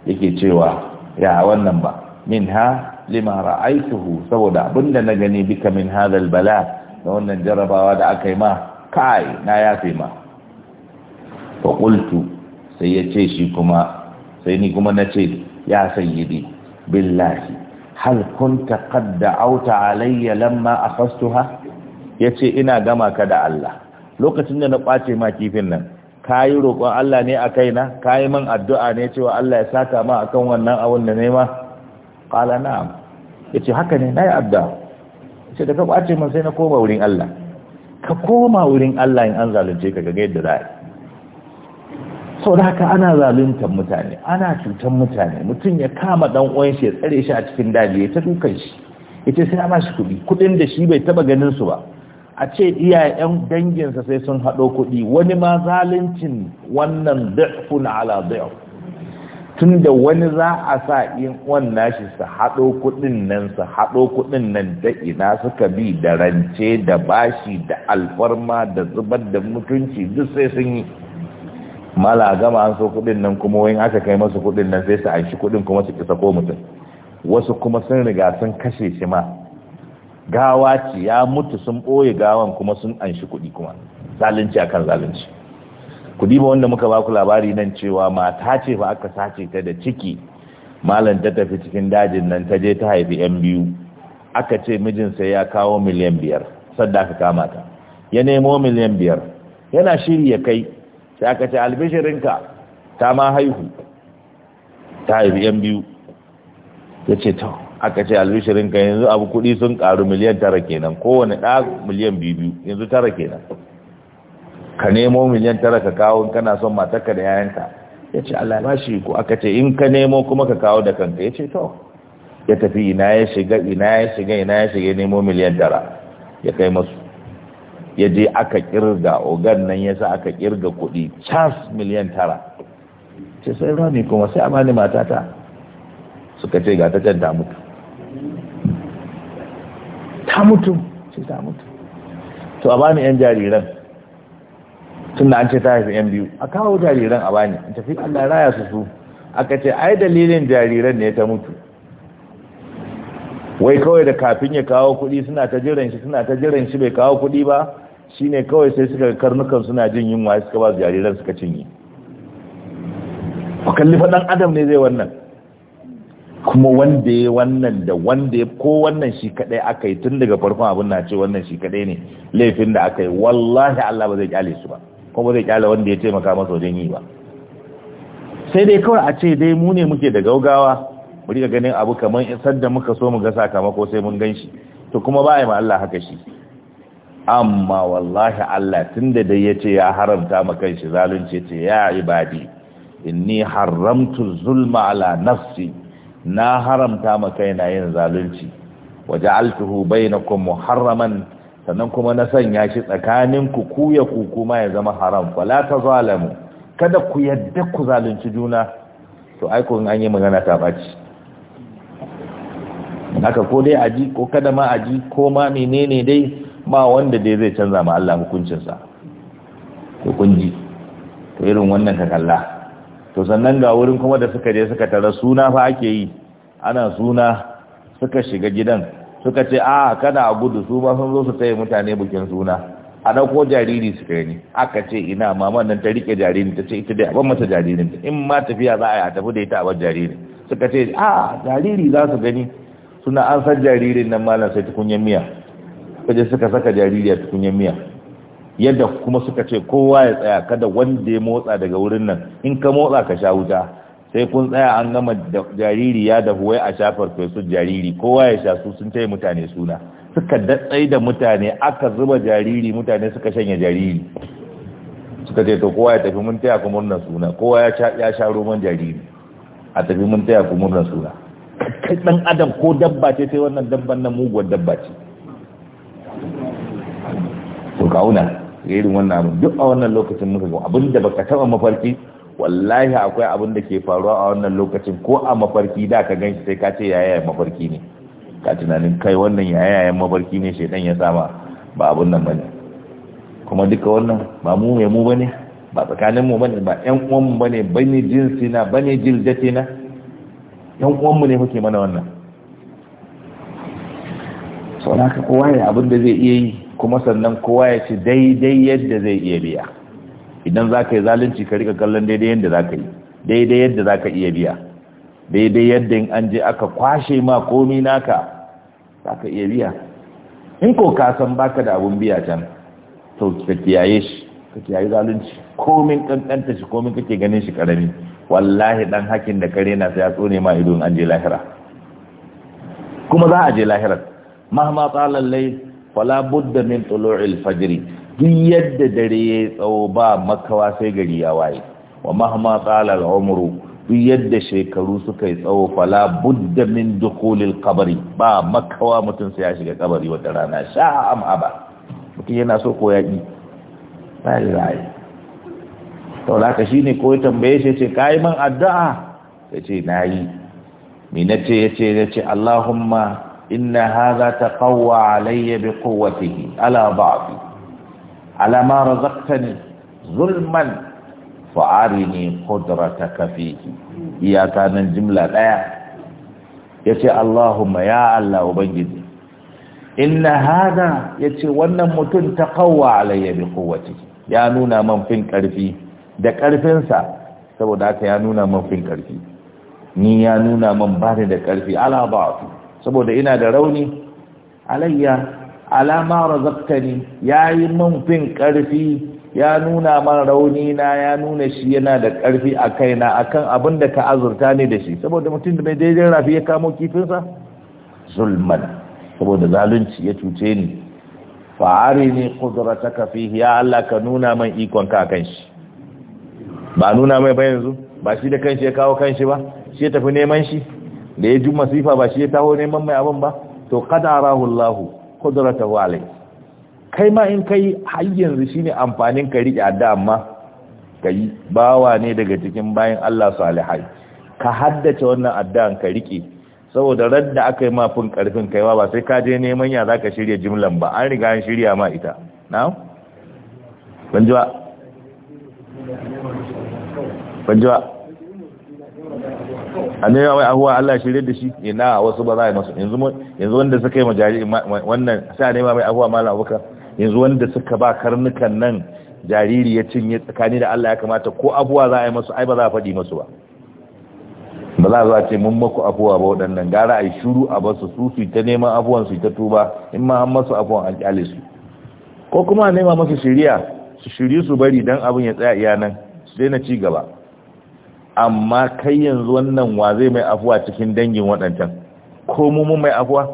S1: yake cewa ya wannan ba min ha lima ra'aituhu saboda abinda na gani bika min hadal bala da wannan jarabawa da aka yi ma kai na yafe ma fa qultu sai ya ce shi kuma sai ni kuma na ce ya sayyidi billahi hal kunta qad da'awta alayya lamma akhastuha yace ina gama ka da Allah lokacin da na kwace ma kifin nan ka yi roƙon Allah ne a kaina ka yi man addu'a ne cewa Allah ya saka ma a kan wannan abun da nema qala na'am ce haka ne na yi addu'a ce da ka ƙwace min sai na koma wurin Allah ka koma wurin Allah in an zalunce ka ga yadda za sau da haka ana zaluntar mutane ana cutar mutane mutum ya kama dan uwan ya tsare shi a cikin daji ya ta dukan shi ce sai a ba shi kuɗi kuɗin da shi bai taɓa ganin su ba a ce iyayen danginsa sai sun haɗo kuɗi wani ma zalincin wannan da'fun ala da'f tun da wani za a sa in wannan shi su haɗo kuɗin nan su haɗo kuɗin nan da ina suka bi da rance da bashi da alfarma da zubar da mutunci duk sai sun yi mala gama an so kuɗin nan kuma wayin aka kai masu kuɗin nan sai su an shi kuɗin kuma su kisa ko mutum wasu kuma sun riga sun kashe shi ma gawa ce ya mutu sun ɓoye gawan kuma sun anshi kuɗi kuma zalunci akan zalunci kuɗi ba wanda muka baku labari nan cewa mata ce ba aka sace ta da ciki malam ta tafi cikin dajin nan ta je ta haifi yan biyu aka ce mijinsa ya kawo miliyan biyar sadda aka kama ta ya nemo miliyan biyar yana shiri ya kai sai aka ce albishirinka ta ma haihu ta haifi yan biyu ya ce ta aka ce albishirin ka yanzu abu kudi sun karu miliyan tara kenan kowane ɗa miliyan biyu yanzu tara kenan ka nemo miliyan tara ka kawo kana son matarka da yayanka ya ce Allah ba shi ko aka ce in ka nemo kuma ka kawo da kanka ya ce to ya tafi ina ya shiga ina ya shiga ina ya shiga nemo miliyan tara ya kai masu ya je aka kirga ogan nan ya sa aka kirga kudi cas miliyan tara ce sai rami kuma sai amani matata suka ce ga ta can ta mutu ta mutu ce ta mutu to a bani yan jariran tun da an ce ta haifi yan biyu a kawo jariran a bani in tafi allah raya su su aka ce ai dalilin jariran ne ta mutu wai kawai da kafin ya kawo kudi suna ta jiran shi suna ta jiran shi bai kawo kudi ba shine kawai sai suka karnukan suna jin yunwa suka ba jariran suka cinye kalli faɗan adam ne zai wannan kuma wanda ya wannan da wanda ya ko wannan shi kadai aka yi tun daga farkon abin na ce wannan shi kadai ne laifin da aka yi wallahi Allah ba zai kyale su ba kuma zai kyale wanda ya taimaka masa wajen yi ba sai dai kawai a ce dai mu ne muke da gaugawa mu riga ganin abu kamar isar da muka so mu ga sakamako sai mun gan shi to kuma ba a yi ma Allah haka shi amma wallahi Allah tunda dai ya ce ya haramta ma kanshi zalunci ce ya ibadi inni haramtu zulma ala nafsi na haramta ma kaina yin zalunci waja'altuhu bainakum muharraman sannan kuma na sanya shi tsakaninku ku ya ku kuma ya zama haram fala tazalamu kada ku yadda ku zalunci juna to ai ko an yi magana ta baci haka ko dai aji ko kada ma aji ko ma menene dai ba wanda dai zai canza ma Allah hukuncinsa to kun ji to irin wannan ka kalla to sannan ga wurin kuma da suka je suka tara suna fa ake yi ana suna suka shiga gidan suka ce a ah, kana a gudu su ba sun zo su taya mutane bukin suna a dauko jariri suka yi aka ce ina maman nan ta rike jaririn ta ce ita dai abin mata jaririn ta in ma tafiya za a yi a tafi da ita a bar jaririn suka ce a ah, jariri za su gani suna an san jaririn nan malam sai tukunyen miya kaje suka saka jariri a tukunyar miya yadda kuma suka ce kowa ya tsaya kada wanda ya motsa daga wurin nan in ka motsa ka sha wuta sai kun tsaya an gama jariri ya dafu wai a shafar fesu jariri kowa ya sha su sun taya mutane suna suka datsai da mutane aka zuba jariri mutane suka shanya jariri suka ce to kowa ya tafi mun taya ku murnar suna kowa ya sha roman jariri a tafi mun taya ku murnar suna kai dan adam ko dabba ce sai wannan dabban nan muguwar dabba ce to kauna ga irin wannan abin duk a wannan lokacin muka ga abin da baka taba mafarki wallahi akwai abin da ke faruwa a wannan lokacin ko a mafarki da ka ganshi sai ka ce yayayen mafarki ne ka tunanin kai wannan yayayen mafarki ne shaidan ya sama ba abin nan bane kuma duka wannan ba mu mai mu bane ba tsakanin mu bane ba ƴan uwan mu bane bane jinsi na bane jiljati na ƴan uwan mu ne muke mana wannan sauraka kowa ne abin da zai iya yi kuma sannan kowa ya ci daidai yadda zai iya biya idan za ka yi zalunci ka rika kallon daidai yadda za ka yi daidai yadda za ka iya biya daidai yadda in an je aka kwashe ma komi naka za ka iya biya in ko ka san baka da abun biya can to ka kiyaye shi ka kiyaye zalunci komin kankanta shi komin kake ganin shi karami wallahi dan hakin da kare na sai ya tsone ma ido an je lahira kuma za a je lahirar mahma tsalan lai fala budda min tulu'il fajri duk yadda dare ya tsawo ba makawa sai gari ya waye wa mahma al-umru duk yadda shekaru suka yi tsawo fala budda min dukhulil qabri ba makawa mutum sai ya shiga kabari wata rana sha am aba mutum yana so ko yaki ba to la ka shine ko tambaye shi ce kai man addu'a yace nayi me nace yace yace Allahumma inna hadha taqawwa alayya bi quwwatihi ala ba'di ala ma razaqtani zulman fa arini qudrataka fihi jimla ɗaya. jumla daya yace allahumma ya allah ubangiji inna hadha yace wannan mutun taqawwa alayya bi quwwatihi ya nuna man fin karfi da karfinsa saboda haka ya nuna man fin karfi ni ya nuna man bani da karfi ala ba'di saboda ina da rauni alayya alama razaqtani yayi mun fin karfi ya nuna man rauni na ya nuna shi yana da karfi a kaina akan abin da ka azurta ni da shi saboda mutum da bai daidai rafi ya kamo kifinsa zulman saboda zalunci ya cuce ni arini qudrataka fihi ya Allah ka nuna man ikon ka kan shi ba nuna mai ba yanzu ba shi da kanshi ya kawo kanshi ba shi ya tafi neman shi da ya ji masifa ba shi ya taho neman mai abin ba to qadarahu Allah qudratahu alai kai ma in kai har yanzu shine amfanin ka riƙe adda amma yi bawa ne daga cikin bayan Allah su salihai ka haddace wannan addan ka riƙe saboda radda aka yi mafin karfin kaiwa ba sai ka je neman ya zaka shirya jimlan ba an riga an shirya ma ita na'am banjuwa banjuwa annabi wai ahuwa Allah shirye da shi ina wasu ba za a masu yanzu yanzu wanda suka yi majari wannan sai annabi mai ahuwa malam abubakar yanzu wanda suka ba karnukan nan jariri ya cinye tsakani da Allah ya kamata ko abuwa za a yi masu ai ba za a faɗi masu ba ba za a zo a ce mun maku abuwa ba waɗannan gara a yi shuru a basu su su ta neman abuwan su ta tuba in ma an masu abuwan an kyale su ko kuma a nema masu shirya su shiri su bari don abin ya tsaya iya nan su daina ci gaba amma kai yanzu wannan wa zai mai afuwa cikin dangin waɗancan ko mu mai afuwa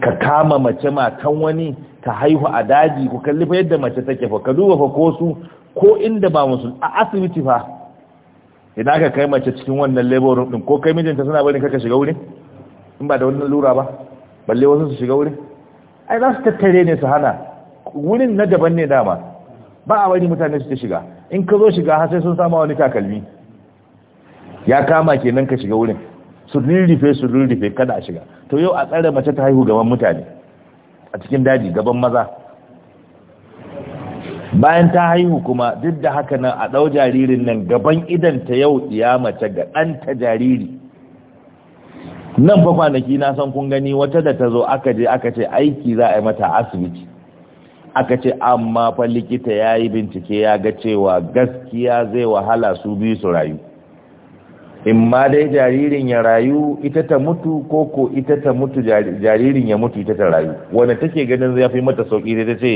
S1: ka kama mace matan wani ta haihu a daji ku kalli fa yadda mace take fa ka duba fa ko su ko inda ba musu a asibiti fa idan aka kai mace cikin wannan labor room din ko kai mijinta suna barin kaka shiga wurin in ba da wannan lura ba balle wasu su shiga wurin ai za su tattare ne su hana wurin na daban ne dama ba a wani mutane su ta shiga in ka zo shiga har sai sun sama wani takalmi ya kama kenan ka shiga wurin su rirrife su rirrife kada a shiga to yau a tsare mace ta haihu gaban mutane a cikin daji gaban maza bayan ta haihu kuma duk da haka nan a ɗau jaririn nan gaban ta yau ya mace ga ɗan ta jariri nan fa kwanaki na san kun gani wata da ta zo aka je aka ce aiki za a yi mata asibiti aka ce amma fa likita ya yi bincike ya ga cewa gaskiya zai wahala su biyu su rayu in ma dai jaririn ya rayu ita ta mutu ko ko ita ta mutu jaririn ya mutu ita ta rayu wanda take ganin zai fi mata sauki da ta ce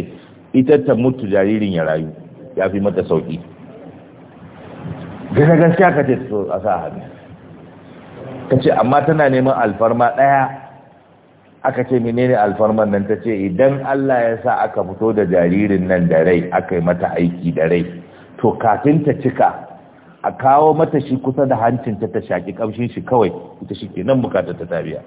S1: ita ta mutu jaririn ya rayu ya fi mata sauki gasa gaskiya ka ce so a sa hannu Ka ce amma tana neman alfarma ɗaya aka ce menene alfarman nan ta ce idan Allah ya sa aka fito da jaririn nan da rai aka yi mata aiki da rai to kafin ta cika a kawo mata shi kusa da hancin ta shaki kamshin shi kawai ita shi ke nan bukatar ta tabiya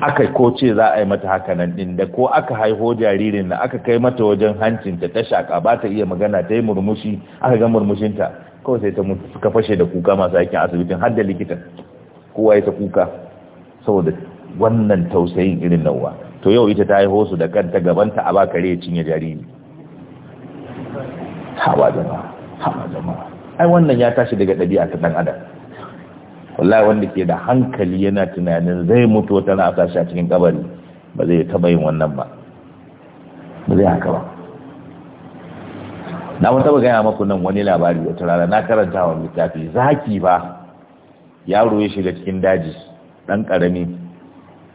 S1: aka ko ce za a yi mata haka nan din da ko aka haiho jaririn da aka kai mata wajen hancin ta shaka ba ta iya magana ta yi murmushi aka ga murmushinta kawai sai ta mutu suka fashe da kuka masu aikin asibitin har da likitan kowa ya ta kuka saboda wannan tausayin irin nawa to yau ita ta haiho su da kanta gabanta a ba kare ya cinye jariri hawa jama'a hawa jama'a ai wannan ya tashi daga ɗabi'a ta ɗan adam wallahi wanda ke da hankali yana tunanin zai mutu wata na sashi a cikin kabari ba zai taba yin wannan ba ba zai haka ba na wata ba gaya maku nan wani labari wata rana na karanta wa littafi zaki ba yaro ya shiga cikin daji dan ƙarami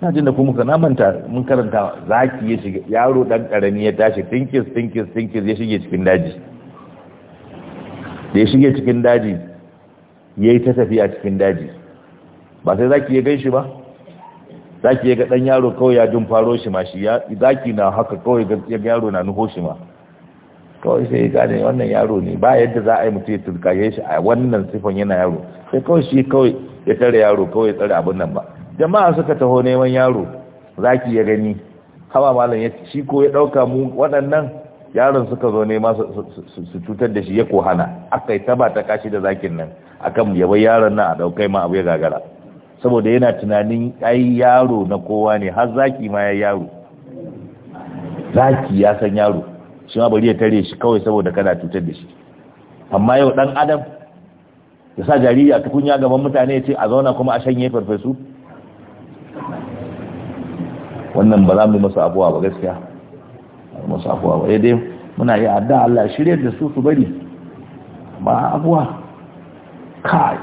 S1: na jin da kuma ka namanta mun karanta zaki ya shiga yaro dan ƙarami ya tashi tinkis tinkis tinkis ya shige cikin daji da ya shige cikin daji ya yi ta tafiya cikin daji ba sai zaki ya gan shi ba zaki ya ga ɗan yaro kawai ya jin faro shi ma shi zaki na haka kawai ya ga yaro na nuho shi ma kawai sai ya gane wannan yaro ne ba yadda za a yi mutu ya turkaye shi a wannan sifan yana yaro sai kawai shi kawai ya tare yaro kawai ya tsare abin nan ba jama'a suka taho neman yaro zaki ya gani hawa malam ya shi ko ya ɗauka mu waɗannan yaron suka zo nema su cutar da shi ya kohana aka yi taba ta kashi da zakin nan akan yaba yaron nan a daukai ma abu ya gagara saboda yana tunanin ai yaro na kowa ne har zaki ma ya yaro zaki ya san yaro shi ma bari ya tare shi kawai saboda kana cutar da shi amma yau dan adam ya sa jariri a tukunya gaban mutane ya ce a zauna kuma a shanye farfesu wannan ba za mu yi masa abuwa ba gaskiya kuma su afuwa ba dai muna yi adda Allah shirya da su su bari ba abuwa kai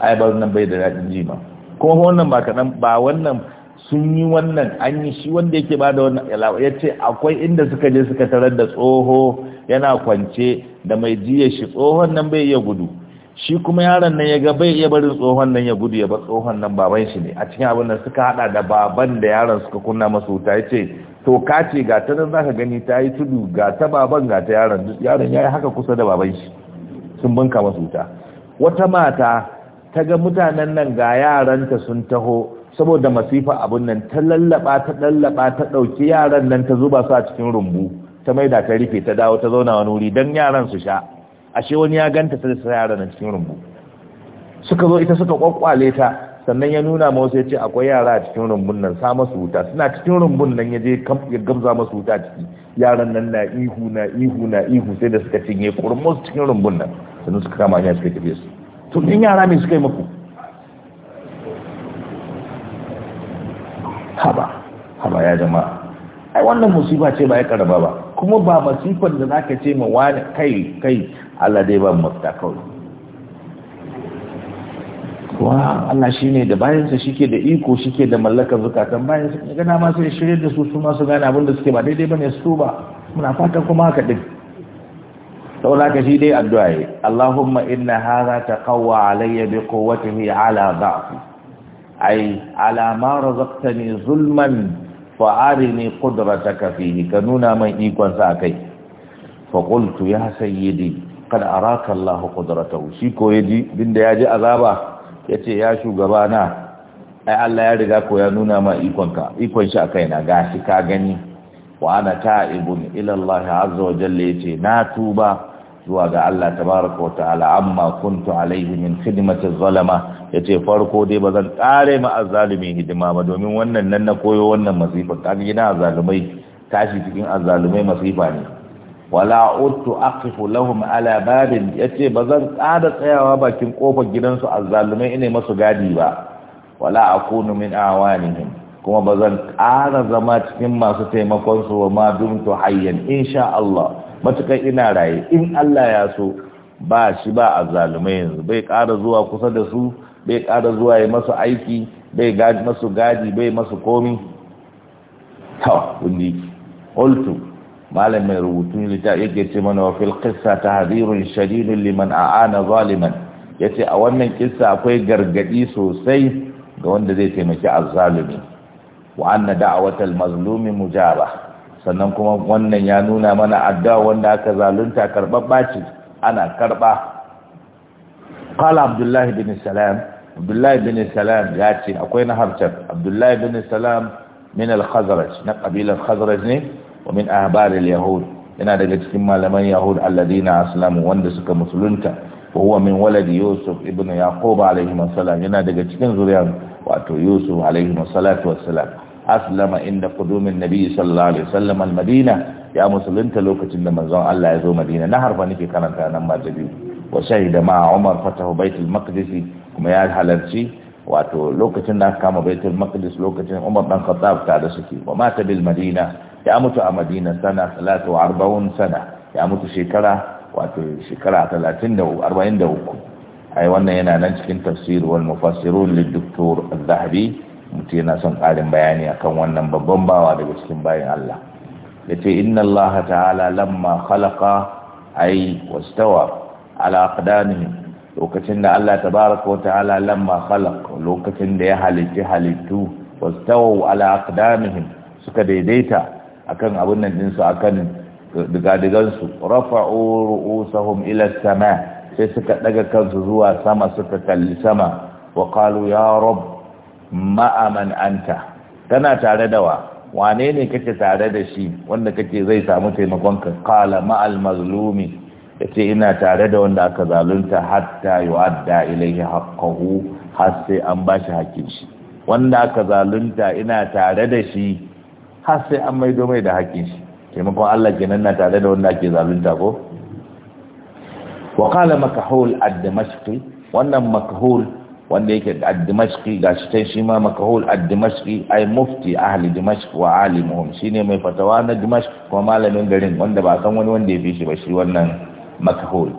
S1: ai ba wannan bai da daɗin ji ba kuma wannan ba kaɗan ba wannan sun yi wannan an yi shi wanda yake ba da wannan ya ce akwai inda suka je suka tarar da tsoho yana kwance da mai jiya shi tsohon nan bai iya gudu shi kuma yaron nan ya ga bai iya barin tsohon nan ya gudu ya bar tsohon nan baban shi ne a cikin abin nan suka hada da baban da yaron suka kunna masa wuta yace. toka ce ga ta nan zaka gani ta yi tudu ga ta baban ga ta yaron yaron ya yi haka kusa da baban shi sun banka masu wuta wata mata ta ga mutanen nan ga yaran ta sun taho saboda masifa abun nan ta lallaba ta lallaba ta ɗauki yaran nan ta zuba su a cikin rumbu ta maida ta rufe ta dawo ta zauna wani wuri don yaran su sha ashe wani ya ganta ta da yaran nan cikin rumbu suka zo ita suka kwakwale ta sannan ya nuna ma wasu ya ce akwai yara a cikin rumbun nan sa masu wuta suna cikin rumbun nan ya je ya gamza masu wuta ciki yaran nan na ihu na ihu na ihu sai da suka cinye kurmus cikin rumbun nan sannan suka kama hanya suka tafi su to in yara me suka yi muku haba haba ya jama'a ai wannan musiba ce ba ya karaba ba kuma ba masifan da zaka ce ma wani kai kai Allah dai ba mafita kawai kuwa ah, Allah shi ne da bayansa shi ke da iko shi ke da mallakar zukatan bayan su gana ma sai shirya da su su masu gane abin da suke ba daidai ba ne su ba muna fatan kuma haka din saboda ka shi dai addu'a yi Allahumma inna hadha taqawwa alayya bi quwwatihi ala dha'fi ay ala ma razaqtani zulman fa arini qudrataka fihi ka nuna man ikon sa kai fa qultu ya sayyidi qad araka Allah qudratahu shi ko yaji din da yaji azaba ya ce ya shugaba na ai Allah ya riga ko ya nuna ma ikonka ikon shi a kaina gashi ka gani wa ana ta'ibun ila Allah azza wa jalla yace na tuba zuwa ga Allah tabaraka wa ta'ala amma kuntu alaihi min khidmati zalama yace farko dai bazan kare ma azzalimi hidima ba domin wannan nan na koyo wannan masifa kaga gina azzalumai tashi cikin azzalumai masifa ne wala Utu aqifu lahum ala babin yace bazan kada tsayawa bakin kofar gidansu azzalumai ine masu gadi ba wala akunu min awanihim kuma bazan ƙara zama cikin masu taimakon su ma dumtu hayyan insha Allah ina raye in Allah ya so ba shi ba azzalume yanzu bai kada zuwa kusa da su bai ƙara zuwa yi masu aiki bai masu gadi bai masu komi to kundi ultu malam mai rubutu lita yake ce mana wa fil qissa tahzirun shadidun liman a'ana zaliman yace a wannan kissa akwai gargadi sosai ga wanda zai taimaki azzalumi wa anna da'wata mazlumi mujaba sannan kuma wannan ya nuna mana addu'a wanda aka zalunta karbabba ce ana karba qala abdullah ibn salam abdullah ibn salam yace akwai na harcin abdullah ibn salam min al-khazraj na qabilan khazraj ne wa min ahbaril yahud yana daga cikin malaman yahud alladina aslamu wanda suka musulunta wa huwa min waladi yusuf ibnu yaqub alaihi salam yana daga cikin zuriyar wato yusuf alaihi salatu wassalam aslama inda kudumin nabi sallallahu alaihi ya musulunta lokacin da manzon Allah ya zo madina na harfa nake karanta nan ma jabi wa shahida ma umar fatahu baitul maqdis kuma ya halarci wato lokacin da aka kama baitul maqdis lokacin umar dan khattab ta da suke wa mata bil madina ya mutu a madina sana salatu arba'un sana ya mutu shekara wato shekara 43 ai wannan yana nan cikin tafsir wal mufassirun lid doktor az-zahabi mutu yana son ƙarin bayani akan wannan babban bawa daga cikin bayin Allah yace inna Allah ta'ala lamma khalaqa ai wastawa ala aqdanihi lokacin da Allah tabaraka wa ta'ala lamma khalaq lokacin da ya halitti halittu wastawa ala aqdamihim suka daidaita akan abin nan dinsu akan digadigansu rafa'u ru'usahum ila samaa sai suka daga kansu zuwa sama suka kalli sama wa qalu ya rab ma aman anta kana tare da wa wane ne kake tare da shi wanda kake zai samu taimakon ka qala al mazlumi yace ina tare da wanda aka zalunta hatta yu'adda ilayhi haqqahu har sai an bashi hakkin shi wanda aka zalunta ina tare da shi har sai an maido mai da haƙin shi taimakon Allah kenan na tare da wanda ake zalunta ko wa qala makahul ad wannan makahul wanda yake ad ga shi tai shi ma makahul ad-damashqi ai mufti ahli damashq wa alimuhum shine mai fatawa na damashq ko malamin garin wanda ba san wani wanda ya fi shi ba shi wannan makahul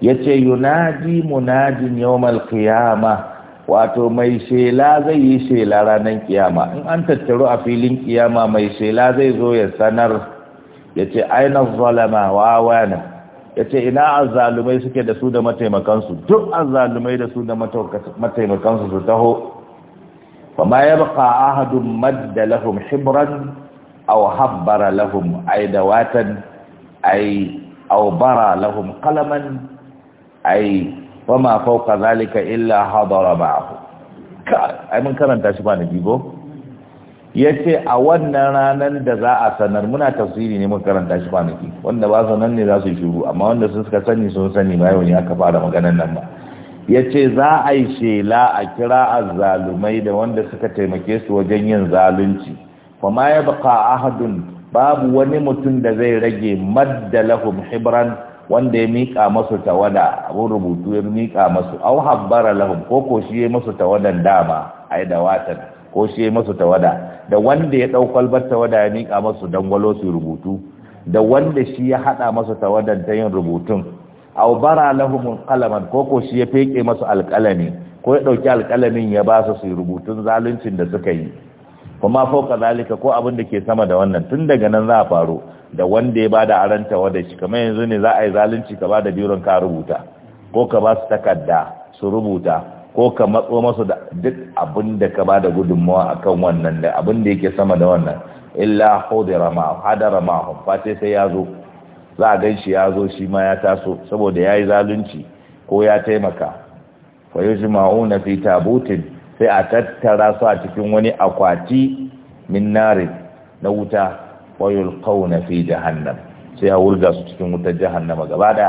S1: yace yunadi munadin yawmal qiyamah wato mai shela zai yi shela ranar kiyama in an tattaru a filin kiyama mai shela zai zo ya sanar ya ce aina zalama wawa ne ya ce ina azalumai suke da su da mataimakansu duk azalumai da su da mataimakansu su taho ma ya baka ahadun madda lahum shibran au habbara lahum watan ai au bara lahum kalaman ai. wa ma fawqa zalika illa hadara ba'hu ai mun karanta shi kwanaki bibo yace a wannan ranar da za a sanar muna tafsiri ne mun karanta shi kwanaki wanda ba sanan ne za su yi shiru amma wanda sun suka sani sun sani ba yau ne aka fara maganar nan ba yace za a yi shela a kira azzalumai da wanda suka taimake su wajen yin zalunci fa ma yabqa ahadun babu wani mutum da zai rage maddalahum hibran wanda ya miƙa masu tawada abin rubutu ya miƙa masu au habbara lahum ko ko shi ya masu tawadan dama ai da watan ko shi ya masu tawada da wanda ya ɗau kwalbar tawada ya mika masu dangwalo su rubutu da wanda shi ya haɗa masu tawadan ta yin rubutun au bara lahum qalaman ko ko shi ya feke masu alƙalami ko ya ɗauki alƙalamin ya ba su su rubutun zaluncin da suka yi kuma fauka zalika ko abin da ke sama da wannan tun daga nan za a faru da wanda ya bada aron tawada shi kamar yanzu ne za a yi zalunci ka bada biron ka rubuta ko ka ba su takarda su rubuta ko ka matso masu da duk abin da ka bada gudunmawa akan wannan da abin da yake sama da wannan illa hudira ma hadara ma fate sai ya zo za a gan shi ya zo shi ma ya taso saboda ya yi zalunci ko ya taimaka fa yujma'una fi tabutin sai a tattara su a cikin wani akwati min narin na wuta wayul yulqawna fi jahannam sai ya wurga su cikin wutar jahannama gaba da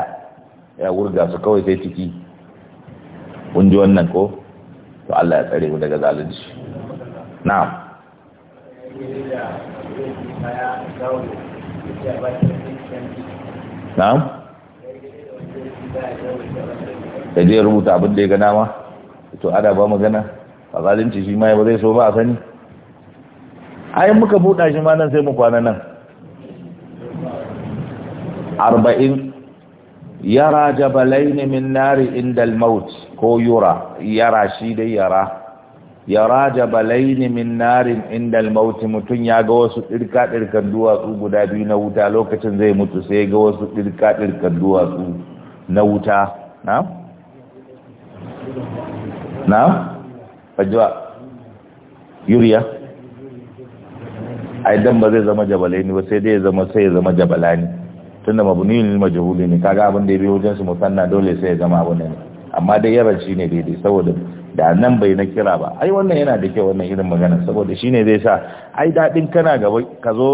S1: ya wurga su kawai sai ciki kun ji wannan ko to Allah ya tsare mu daga zalunci na'am na'am da je rubuta abin da ya gana ma to ada ba magana a zalunci shi ma ya ba zai so ba a sani ai muka buɗa shi ma nan sai mu kwana nan arba'in yara ne min nari indal maut ko yura yara shi dai yara yara ne min narin indal maut mutum ya ga wasu ɗirka-ɗirkan duwatsu guda biyu na wuta lokacin zai mutu sai ga wasu ɗirka-ɗirkan duwatsu na wuta na na fajiwa yuriya ai dan ba zai zama jabalaini ba sai dai ya zama sai ya zama jabalani tunda mabni lil majhuli ne kaga abin da ya biyo wajen su musanna dole sai ya zama abun ne amma dai yaran ne daidai saboda da nan bai na kira ba ai wannan yana da kyau wannan irin magana saboda shi ne zai sa ai daɗin kana gaba ka zo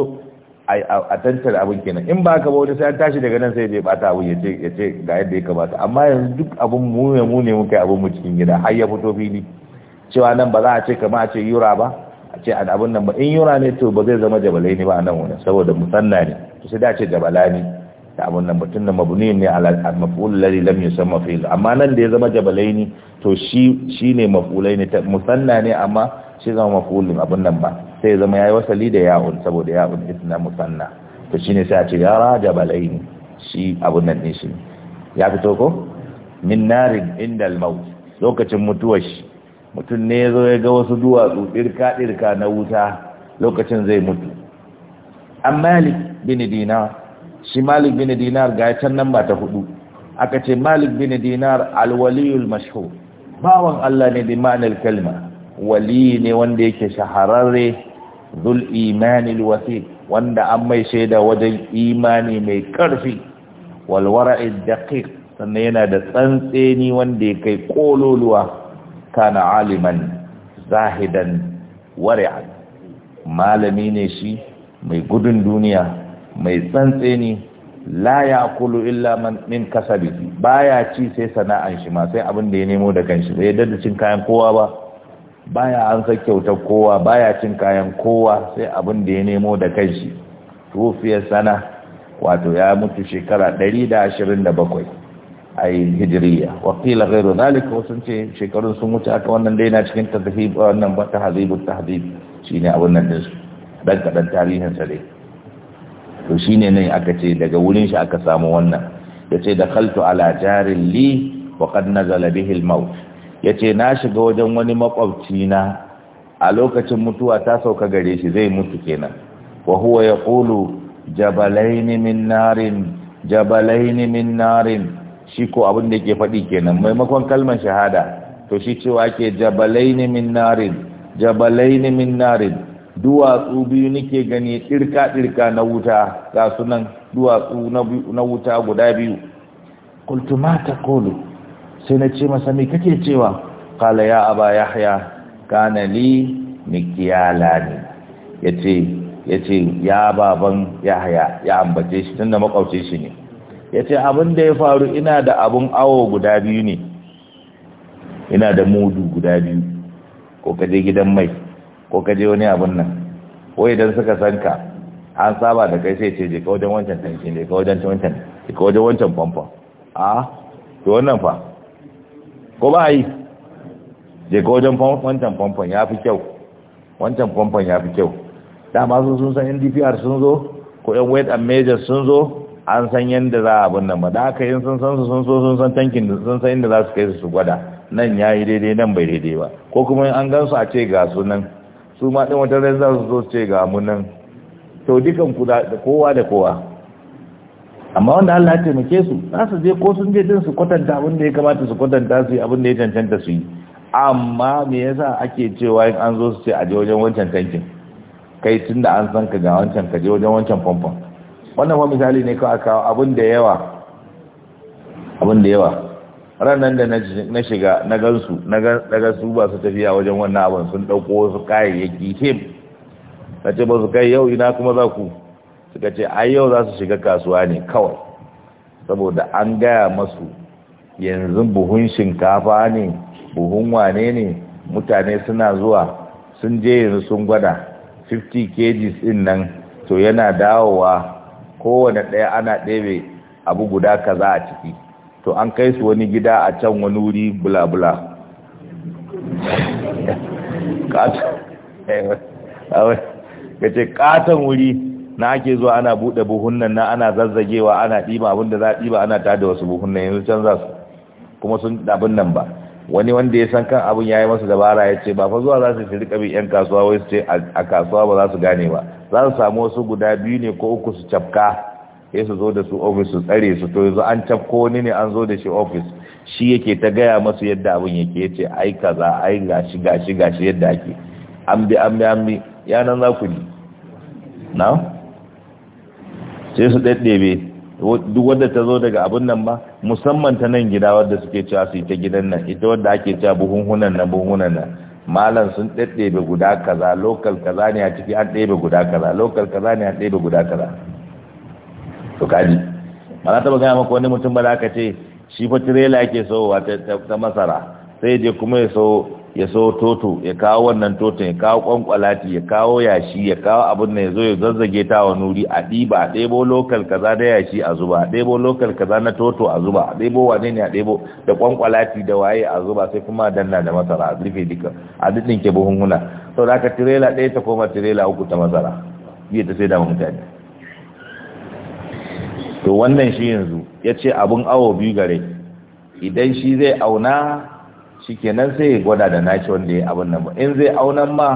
S1: a tantar abin kenan in ba ka ba wata sai an tashi daga nan sai zai bata abu ya ce ga yadda ya kamata amma yanzu duk abin mu ne mu ne muka yi mu cikin gida har ya fito fili cewa nan ba za a ce kama a ce yura ba ce a abin nan ba in yura ne to ba zai zama jabalai ne ba a nan wani saboda musanna ne to sai da ce jabala ne da abin nan mutum da mabuni ne a maf'ul lari lam yusamma fi'l amma nan da ya zama jabalai ne to shi ne maf'ulai ne musanna ne amma shi zama maf'ulin abin nan ba sai zama ya yi wasali da ya'un saboda ya'un na musanna to shine sai a ce yara jabalai ne shi abin nan ne shi ya fito ko min narin indal maut lokacin mutuwar shi mutum ne ya zo ya ga wasu duwatsu ɗirka ɗirka na wuta lokacin zai mutu an malik bin dinar shi malik bin dinar ga can nan ba ta hudu aka ce malik bin dinar alwaliyul mashu bawan Allah ne bi ma'anar kalma wali ne wanda yake shahararre zul imanil wasi wanda an mai shaida wajen imani mai karfi walwara'id daƙiƙ sannan yana da tsantseni wanda ya kai ƙololuwa kana aliman zahidan wari'an malami ne shi mai gudun duniya mai tsantseni la ya kulu illa min kasabi baya ci sai sana'an shi ma sai abin da ya nemo da kanshi bai yadda cin kayan kowa ba baya an sa kyautar kowa baya cin kayan kowa sai abin da ya nemo da kanshi tufiyar sana wato ya mutu shekara 127 ay hijiriya wa qila ghayru dhalika wasu ce shekarun sun wuce aka wannan dai cikin tadhib wannan ba ta tahdhib shi shine abun nan dinsu dan kadan tarihin sa dai to shine ne aka ce daga wurin shi aka samu wannan ya ce da kaltu ala jarin li wa kan nazala bihi al-maut ce na shiga wajen wani makwabci na a lokacin mutuwa ta sauka gare shi zai mutu kenan wa huwa yaqulu jabalaini min narin jabalaini min narin shi ko abin da yake faɗi kenan maimakon kalmar shahada to shi cewa ke jabalaini min narin jabalaini min narin duwatsu biyu nake gani ɗirka ɗirka na wuta ga sunan duwatsu na wuta guda biyu kultu mata taqulu sai na ce masa me kake cewa kala ya aba yahya kana li mikyalani ya ce ya baban yahya ya ambace shi da makwauce shi ne ya ce abin da ya faru ina da abin awo guda biyu ne ina da mudu guda biyu ko kaje gidan mai ko kaje wani abin nan ko idan suka san ka an saba da kai sai ce je ka wajen wancan tanki ne ka wajen wancan ne ka wajen wancan famfon a to wannan fa ko ba yi je ka wajen wancan famfon ya fi kyau wancan famfon ya fi kyau dama sun sun san ndpr sun zo ko yan wait and measure sun zo an san yadda za a abin nan ba da aka yin sun san su sun so sun san tankin da sun san inda za su kai su gwada nan ya yi daidai nan bai daidai ba ko kuma an gan su a ce ga su nan su ma ɗin wata rai za su zo su ce ga mu nan to dukan ku da kowa da kowa amma wanda Allah taimake su za su je ko sun je din su kwatanta abin da ya kamata su kwatanta su yi abin da ya cancanta su yi amma me yasa ake cewa in an zo su ce a je wajen wancan tankin kai tun da an san ka ga wancan ka je wajen wancan famfon wannan ma misali ne kawai kawo abin da yawa abin da yawa ranar da na shiga na gansu na gansu ba su tafiya wajen wannan abin sun ɗauko wasu kayayyaki him? na ce ba su kai yau ina kuma za ku suka ce ai yau za su shiga kasuwa ne kawai saboda an gaya masu yanzu buhun shinkafa ne buhun wane ne mutane suna zuwa sun je yanzu sun gwada 50 kg din nan to yana dawowa kowane ɗaya ana ɗebe abu guda kaza a ciki to an kai su wani gida a can wani wuri bula-bula ce katon wuri na ake zuwa ana buɗe buhunan na ana zazzagewa ana ɗiba abinda za a ɗiba ana da wasu buhunan yanzu can su kuma sun abin nan ba wani wanda ya san kan abin ya yi masu dabara ya ce ba fa zuwa za su shirka bi 'yan kasuwa wai su ce a kasuwa ba za su gane ba za su samu wasu guda biyu ne ko uku su cafka Ya su zo da su ofis su tsare su to yanzu an cafko wani ne an zo da shi ofis shi yake ta gaya masu yadda abin yake ya ce ai kaza ai gashi gashi gashi yadda ake an bi an bi an bi yanan za ku ji na sai su ɗaɗɗebe duk wadda ta zo daga abin nan ba musamman ta nan gida wadda suke cewa su yi ta gidan nan ita wadda ake cewa buhunhunan nan buhunhunan nan malam sun ɗaɗɗebe guda kaza lokal kaza ne a ciki an ɗebe guda kaza lokal kaza ne an ɗebe guda kaza to kaji mana za ta gaya maka wani mutum ba za ka ce shi fa tirela yake wa ta masara sai je kuma ya so ya so toto ya kawo wannan toton, ya kawo kwankwalati ya kawo yashi ya kawo abin da ya zo ya zazzage ta wa nuri a ɗiba a ɗebo lokal kaza da yashi a zuba a ɗebo lokal kaza na toto a zuba a ɗebo wane ne a ɗebo da kwankwalati da waye a zuba sai kuma danna da masara a rufe duka a dukkan ke huna, sau da aka tirela ɗaya ta koma tirela uku ta masara biyu ta sai da mutane to wannan shi yanzu ya ce abin awo biyu gare idan shi zai auna shikenan sai ya gwada da nashi wanda ya abin nan ba in zai aunan ma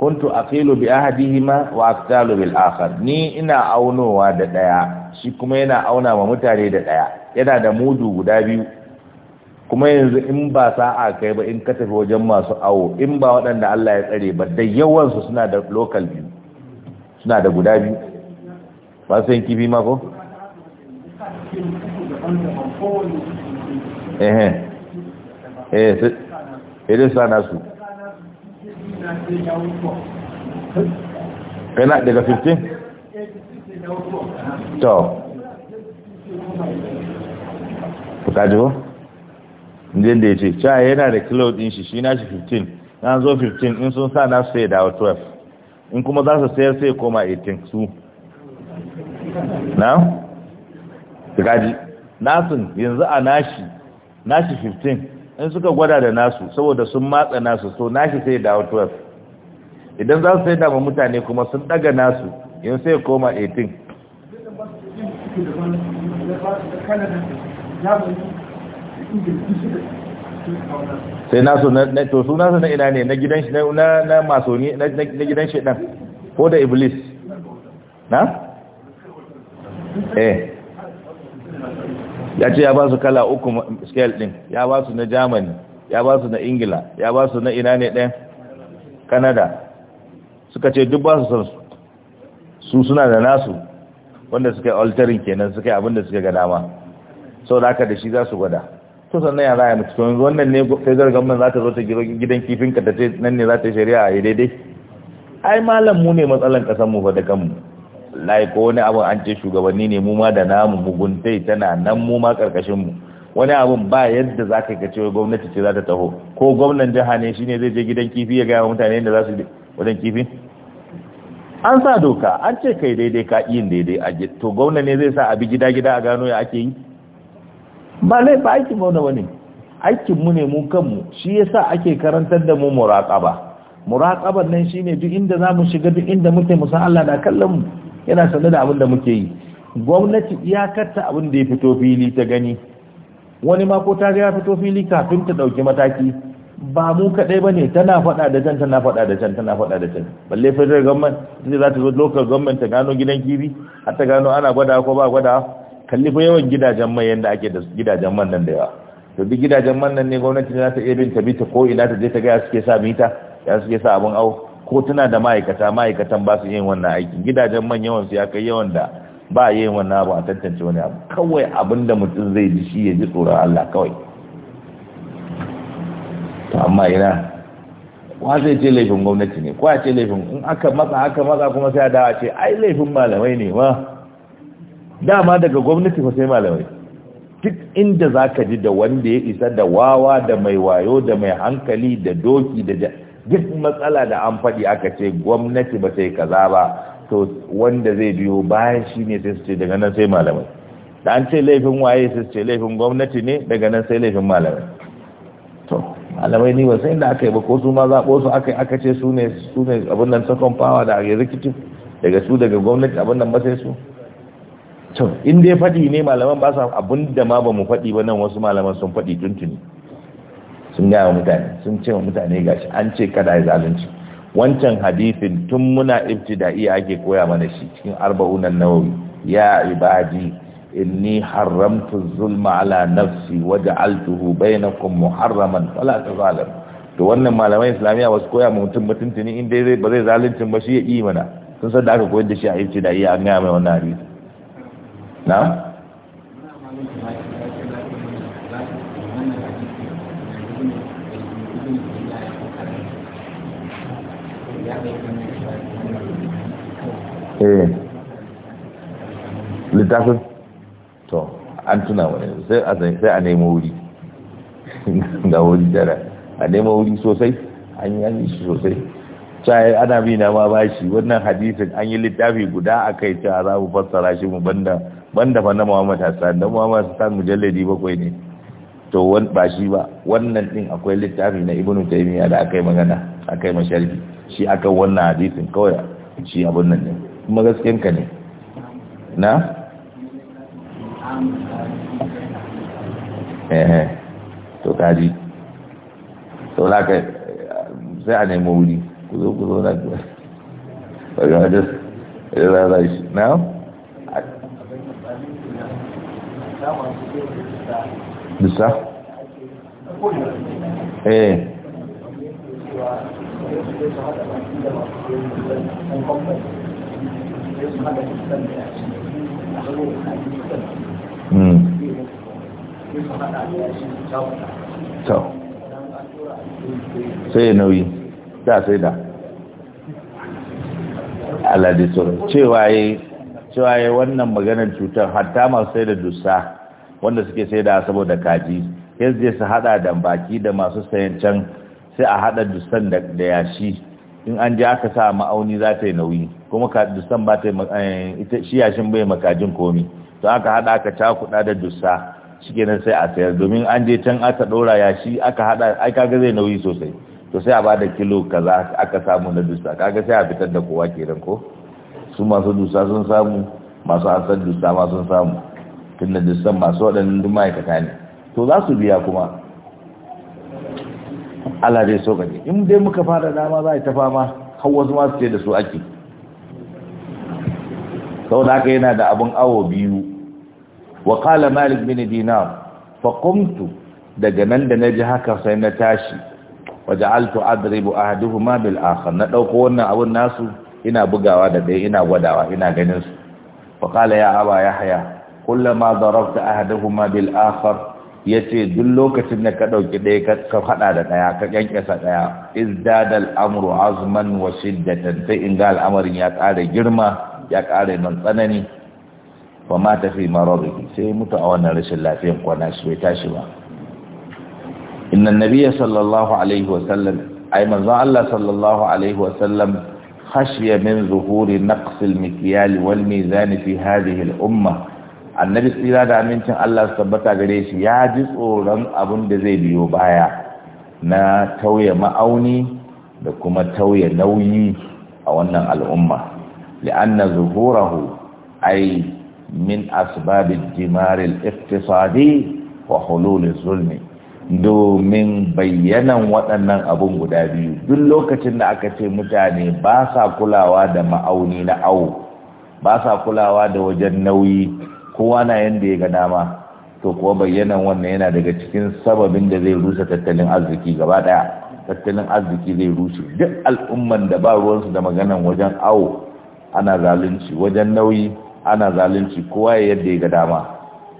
S1: kuntu aqilu bi ahadihima wa aqtalu bil akhar ni ina aunowa da daya shi kuma yana auna ma mutane da daya yana da mudu guda biyu kuma yanzu in ba sa'a kai ba in ka tafi wajen masu awo in ba waɗanda Allah ya tsare ba da yawan su suna da local biyu suna da guda biyu ba su yin ma ko eh eh eh sai sa nasu kana daga 15 to kaji ba inda ya ce cha yana da kilo din shi shi na shi 15 na zo 15 in sun sa nasu sai dawo 12 in kuma za su sayar sai koma 18 su na? kaji nasin yanzu a nashi nashi 15 in suka gwada da nasu saboda sun matsa nasu so nashi sai dawo 12 idan za su sai dama mutane kuma sun daga nasu yin sai koma 18 sai nasu na to su nasu na ina ne na gidan shi na na masoni na gidan shi dan ko da iblis na eh ya ce ya ba su kala uku scale din ya ba su na germany ya ba su na ingila ya ba su na ina ne ɗin canada suka ce duk ba su san su suna da nasu wanda suka yi altarin kenan suka yi abinda suka ga dama sau da haka da shi za su gwada to sannan ya raya mutu yanzu wannan ne federal government za ta zo ta gidan kifinka ta ce nan ne za ta shari'a a daidai ai malam mu ne matsalan kasanmu ba da kanmu wallahi ko wani abin an ce shugabanni ne mu ma da namu muguntai tana nan mu ma karkashin mu wani abin ba yadda za ka kace gwamnati ce za ta taho ko gwamnan jiha ne shine zai je gidan kifi ya gaya mutane inda za su wajen kifi an sa doka an ce kai daidai ka yin daidai a to gwamna ne zai sa bi gida gida a gano ya ake yi ba lai ba aikin gwamna wani aikin mu ne mu kanmu shi yasa ake karantar da mu muraqaba muraqaban nan shine duk inda zamu shiga duk inda muke musan Allah da kallon mu yana sanar da abin da muke yi gwamnati ya iyakarta abin da ya fito fili ta gani wani ma ko ta ga ya fito fili kafin ta dauki mataki ba mu kadai bane tana fada da can tana fada da can tana fada da can balle federal government sai za ta zo local government ta gano gidan kibi har ta gano ana gwada ko ba gwada kalli fa yawan gidajen mai yanda ake da gidajen man nan da yawa to duk gidajen man nan ne gwamnati za ta iya bin ta bi ta ko ina ta je ta ga suke sa mita ya suke sa abun au ko tana da ma'aikata ma'aikatan ba su yin wannan aikin gidajen manyan yawan su ya kai yawan da ba yin wannan abu a tantance wani abu kawai abin da mutum zai ji shi ya ji tsoron Allah kawai to amma ina kwa zai ce laifin gwamnati ne kwa ce laifin in aka matsa aka matsa kuma sai a dawa ce ai laifin malamai ne ma dama daga gwamnati ko sai malamai duk inda za ka ji da wanda ya isa da wawa da mai wayo da mai hankali da doki da duk matsala da an faɗi aka ce gwamnati ba sai kaza ba to wanda zai biyo bayan shi ne sai su ce daga nan sai malamai da an ce laifin waye sai su ce laifin gwamnati ne daga nan sai laifin malamai to malamai ni ba sai da aka yi ba ko su ma zaɓo su aka aka ce su ne su ne abin nan sakon fawa da executive daga su daga gwamnati abin nan ba sai su to in dai faɗi ne malaman ba su abin da ma ba mu faɗi ba nan wasu malaman sun faɗi tuntuni sun gaya wa mutane sun ce wa mutane gashi an ce kada ya zalunci wancan hadithin tun muna iya ake koya mana shi cikin arba'unan nawawi ya ibadi inni haramtu zulma ala nafsi wa ja'altuhu bainakum muharraman fala tazalim to wannan malaman islamiya wasu koya ma mutum mutuntuni in dai ba zai zaluncin ba shi ya yi mana sun san da aka koyar da shi a iya an gaya mai wannan hadisi na'am eh littafin to an tuna wani sai a nemo wuri ga (laughs) wuri dara a nemo wuri sosai an yi shi sosai cai ana bi na ma bashi wannan hadisin an yi littafi guda a kai cewa za mu fassara shi mu banda banda fa na Muhammad Hassan don Muhammad Hassan mujalladi bakwai ne to ba shi ba wannan din akwai littafi na ibnu taimiyya da akai magana akai masharhi shi aka wannan hadisin kawai shi abin nan ne kuma gaskiyanka ne na? ehe to kaji sau da ka sai a nemo wuri ku zo ku zo na daga ya rara shi na? bisa? eh Hmm. sai nauyi da sai da cewa cewa yi wannan maganar cutar hatta masu sai da dusa wanda suke sai da saboda kaji yanzu zai su hada da baki da masu sayan can sai a haɗa dusan da yashi in an ji aka sa ma'auni za ta yi nauyi kuma ka dusan ba ta yi eh, shi yashin bai makajin komi to aka haɗa aka kuɗa da dusa shi sai a sayar domin an je can aka ɗora yashi aka haɗa ai kaga zai nauyi sosai to sai a ba da kilo kaza aka samu na dusa kaga sai a fitar da kowa kenan ko su masu dusa sun samu masu hasan dusa ma sun samu tunda dusan masu waɗannan duk ma'aikata ne to za su biya kuma Allah zai so gani in dai muka fara dama za a ta fama har wasu masu ce da su ake sau da aka yana da abin awo biyu wa kala malik bin dinar kumtu daga nan da na ji haka sai na tashi waje ja'altu adribu a ma bil akhar na ɗauko wannan abin nasu ina bugawa da ɗaya ina gwadawa ina ganin su kala ya aba ya haya kullum ma ma bil akhar ya ce duk lokacin da ka ɗauki ɗaya ka faɗa da ɗaya ka ƙyanƙyasa ɗaya izdadal amru azman wa shiddatan sai in ga al'amarin ya ƙara girma ya ƙara man tsanani fa ma ta fi maradihi sai mutu a wannan rashin lafiyan kwana shi bai tashi ba inna nabiyya sallallahu alaihi Wasallam. sallam ai manzon Allah sallallahu alaihi Wasallam sallam khashiya min zuhuri naqsil mikiyali. wal mizan fi hadhihi al ummah annabi tsira da amincin Allah su tabbata gare shi ya ji tsoron abin da zai biyo baya na tauye ma'auni da kuma tauye nauyi a wannan al'umma li'anna zuhurahu ay min jimar al iqtisadi wa hululiz zulmi domin bayyanan waɗannan abun guda biyu duk lokacin da aka ce mutane ba sa kulawa da ma'auni na awo ba sa kulawa da wajen nauyi kowa na yanda ya ga dama to kuwa bayyanan wannan yana daga cikin sababin da zai rusa tattalin arziki gaba daya tattalin arziki zai rushe duk al'umman da ba ruwansu da maganan wajen awo ana zalunci wajen nauyi ana zalunci kowa ya yadda ya ga dama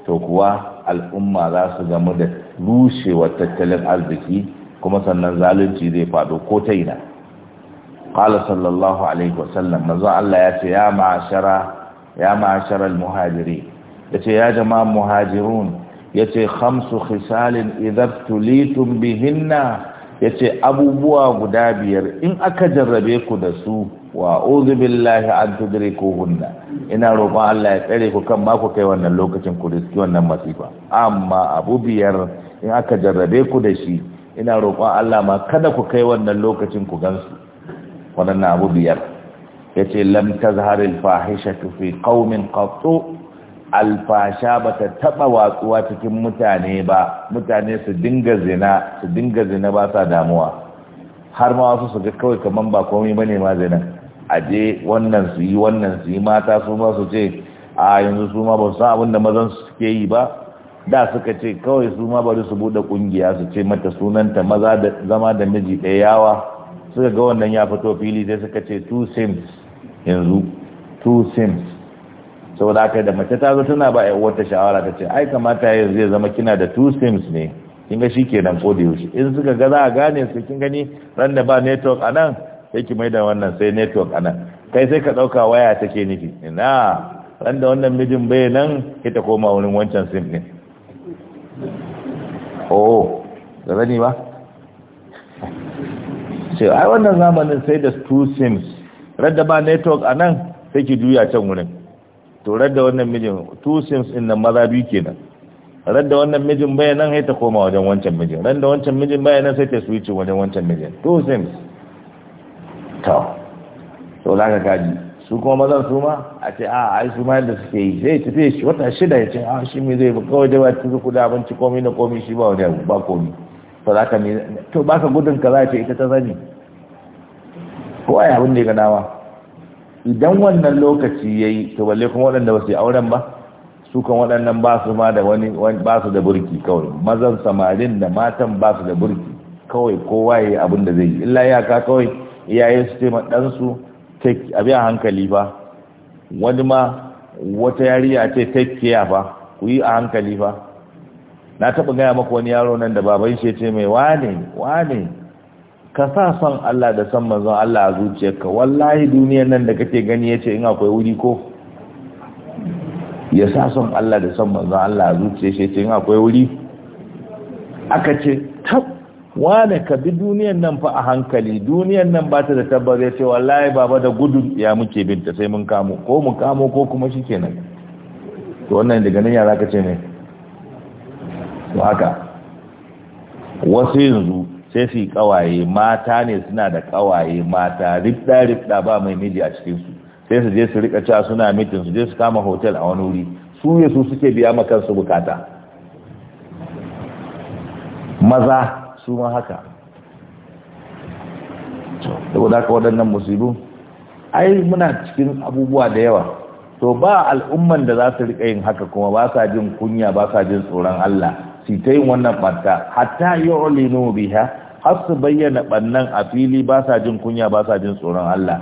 S1: to kuwa al'umma za su gamu da rushewa tattalin arziki kuma sannan zalunci zai faɗo ko ta ina qala sallallahu alaihi wasallam manzo Allah ya ce ya ma'ashara ya ma'ashara yace ya jama muhajirun yace khamsu khisalin idan tulitun bihinna yace abubuwa guda biyar in aka jarrabe ku da su wa billahi an ina roƙon Allah ya tsare ku kan ma ku kai wannan lokacin ku riski wannan masifa amma abu biyar in aka jarrabe ku da shi ina roƙon Allah ma kada ku kai wannan lokacin ku gansu wannan abu biyar yace lam tazharil fahishatu fi qaumin qattu alfasha ba ta taɓa watsuwa cikin mutane ba mutane su dinga zina su dinga zina ba sa damuwa har ma wasu su ga kawai kamar ba komai bane ma zina Aje wannan su yi wannan su yi mata su ma su ce a yanzu su ma ba su san abin da mazan su suke yi ba da suka ce kawai su ma bari su buɗe ƙungiya su ce mata sunanta maza da zama da miji ɗaya yawa suka ga wannan ya fito fili sai suka ce two sims yanzu two sims saboda haka da mace ta zo tana ba ƴan wata shawara ta ce ai kamata yanzu zai zama kina da two sims ne kin ga shi kenan ko da yaushe in suka ga za a gane su kin gani ran da ba network anan sai ki maida wannan sai network anan kai sai ka dauka waya take niki ina ran da wannan mijin bai nan ita koma wurin wancan sim ne oh da zani ba sai ai wannan zamanin sai da two sims ran da ba network anan sai ki juya can wurin to radda wannan mijin two sims in na maza biyu kenan radda wannan mijin bai nan sai ta koma wajen wancan mijin radda wancan mijin bai nan sai ta switch wajen wancan mijin two sims to to laka kaji su kuma mazan su ma a ce a ah, ai su ma yadda suke yi Sai ta shi wata shida ya ce a ah, shi mai zai ba kawai da ba tuzu da abinci komi na komi shi ba wani abu ba komi to za ka to ka gudun ka za ce ita ta sani ko ai abin da ya ga dawa idan wannan lokaci yayi ta balle kuma waɗanda ba su yi auren ba su kan waɗannan ba su ma da wani ba su da burki kawai mazan samarin da matan ba su da burki kawai kowa yi abin da zai yi illa ya ka kawai iyayen su taimaka ɗansu dan su a hankali fa wani ma wata yariya ce take care fa ku yi a hankali fa na taɓa gaya maka wani yaro nan da baban shi ya ce mai wane wane ka sa son Allah da son manzon Allah a zuciyarka wallahi duniyar nan da kake gani yace in akwai wuri ko ya sa son Allah da son manzon Allah a zuciyar shi yace in akwai wuri aka ce tab wane ka bi duniyar nan fa a hankali duniyar nan ba ta da ya yace wallahi baba da gudun ya muke binta sai mun kamo ko mu kamo ko kuma shikenan to wannan daga nan yara ka ce ne to haka wasu yanzu sai su yi kawaye mata ne suna da kawaye mata rikda-rikda ba mai miji a cikinsu. sai su je su rika cewa suna mitin su je su kama hotel a wani wuri su ne su suke biya ma kansu bukata maza su ma haka Da haka waɗannan musibu ai muna cikin abubuwa da yawa to ba al'umman da za su rika yin haka kuma ba sa jin kunya ba sa jin tsoron Allah su ta yin wannan ɓanta hatta yi olino biya har su bayyana ɓannan a fili ba sa jin kunya ba sa jin tsoron Allah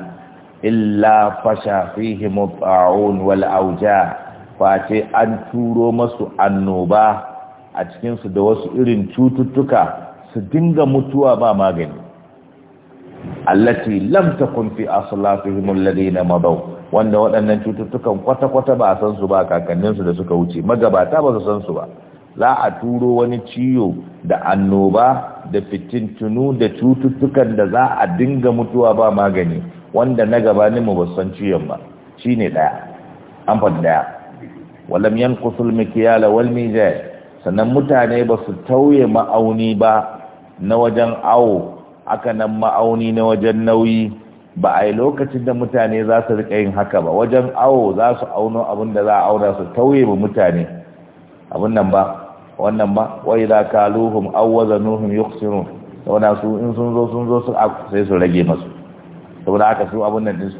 S1: illa fasha fihi mut'aun wal auja ce an turo masu annoba a cikinsu da wasu irin cututtuka su dinga mutuwa ba magani allati lam takun fi aslafihim alladhina madaw wanda waɗannan cututtukan kwata-kwata ba a san su ba kakanninsu da suka wuce magabata ba su san su ba za a turo wani ciyo da annoba da fitintunu da cututtukan da za a dinga mutuwa ba magani wanda na gabanin mu basan ciyon ba ne daya an faɗi ɗaya walam kusur mikiyala wal zai sannan mutane ba su tauye ma'auni ba na wajen awo aka nan ma'auni na wajen nauyi ba a yi lokacin da mutane za su riƙa yin haka ba wajen awo za su auno abin da za a auna su tauye ba mutane abin nan ba wannan ba wai za ka luhum awwaza nuhum yuqsirun saboda su in sun zo sun zo sun su sai su rage masu saboda haka su abun nan din su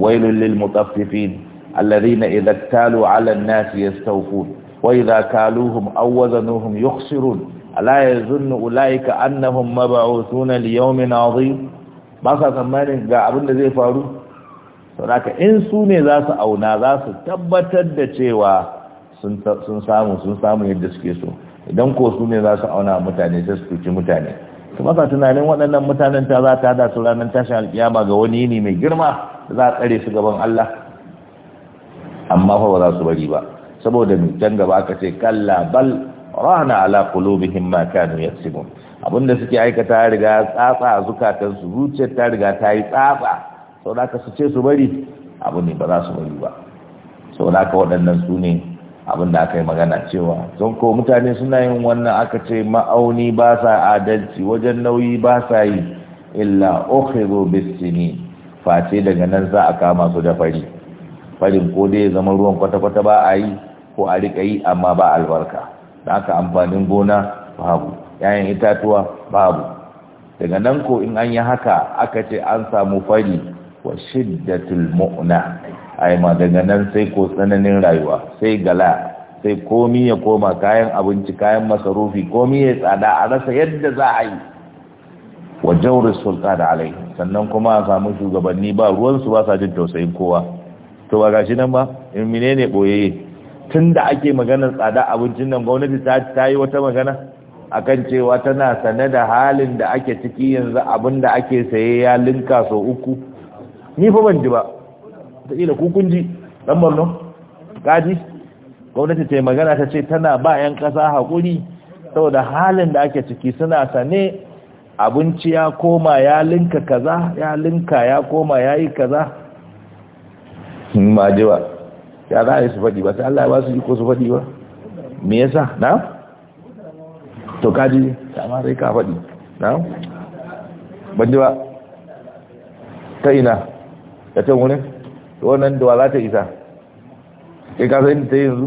S1: wailul lil mutaffifin alladhina idza talu ala an-nasi yastawfun wa idza kaluhum awwazanuhum yukhsirun ala yazunnu ulaika annahum mab'uthuna li yawmin 'azim ba sa tsammanin ga abin da zai faru saboda in su ne za su auna za su tabbatar da cewa sun samu sun samu yadda suke so idan ko su ne za su auna mutane sai su mutane su masa tunanin waɗannan mutanen ta za ta da su ranar tashin alkiyama ga wani ne mai girma za a tsare su gaban Allah amma fa ba za su bari ba saboda mu can gaba aka ce kalla bal rana ala qulubihim ma kanu yaksubun abinda suke aikata ya riga tsatsa zukatan su zuciyar ta riga ta yi tsatsa sau da su ce su bari abu ne ba za su bari ba sau da aka waɗannan su ne abin da aka yi magana cewa don ko mutane suna yin wannan aka ce ma'auni ba sa adalci wajen nauyi ba sa yi illa okhiru bisini face daga nan za a kama su da fari farin ko dai zama ruwan kwata-kwata ba a yi ko a rika yi amma ba albarka da aka amfanin gona babu yayin itatuwa babu daga nan ko in an yi haka aka ce an samu fari wa shiddatul mu'na ai ma daga nan sai ko tsananin rayuwa sai gala sai komi ya koma kayan abinci kayan masarufi komi ya tsada a rasa yadda za a yi wa jawri sultan alai sannan kuma a samu shugabanni ba ruwan su ba sa jin tausayin kowa to ba gashi nan ba in menene boyeye tunda ake maganar tsada abincin nan gwamnati ta ta yi wata magana akan cewa tana sane da halin da ake ciki yanzu abin da ake saye ya linka so uku ni fa ban ji ba wataƙila kukunji ɗan borno kaji gwamnati ta yi magana ta ce tana ba 'yan ƙasa haƙuri saboda halin da ake ciki suna sane abinci ya koma ya linka kaza ya linka ya koma ya yi kaza ma ba ya za a yi su faɗi ba sai Allah ba su yi ko su faɗi ba me yasa na? to kaji ma zai ka faɗi na? ban ba ta ina ya ce wurin? to wannan da za ta isa kai ka san ta yanzu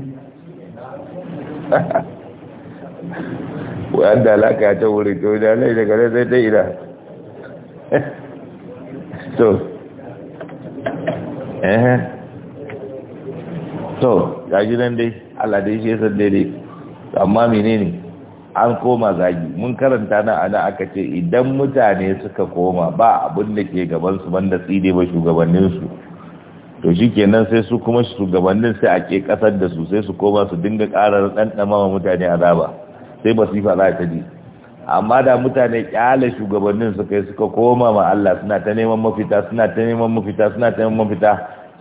S1: wayan da alaka ta wuri to da lai daga nan sai ta ina to eh to ga gidan dai Allah shi san daidai. amma menene an koma zagi mun karanta na ana aka ce idan mutane suka koma ba abin da ke gabansu banda tsire ba shugabanninsu to shi kenan sai su kuma shugabannin sai a ke kasar da su sai su koma su dinga ƙarar ɗanɗama wa mutane azaba sai masifa za ta ji amma da mutane ƙyale shugabannin su kai suka koma ma Allah suna ta neman mafita suna ta neman mafita suna ta neman mafita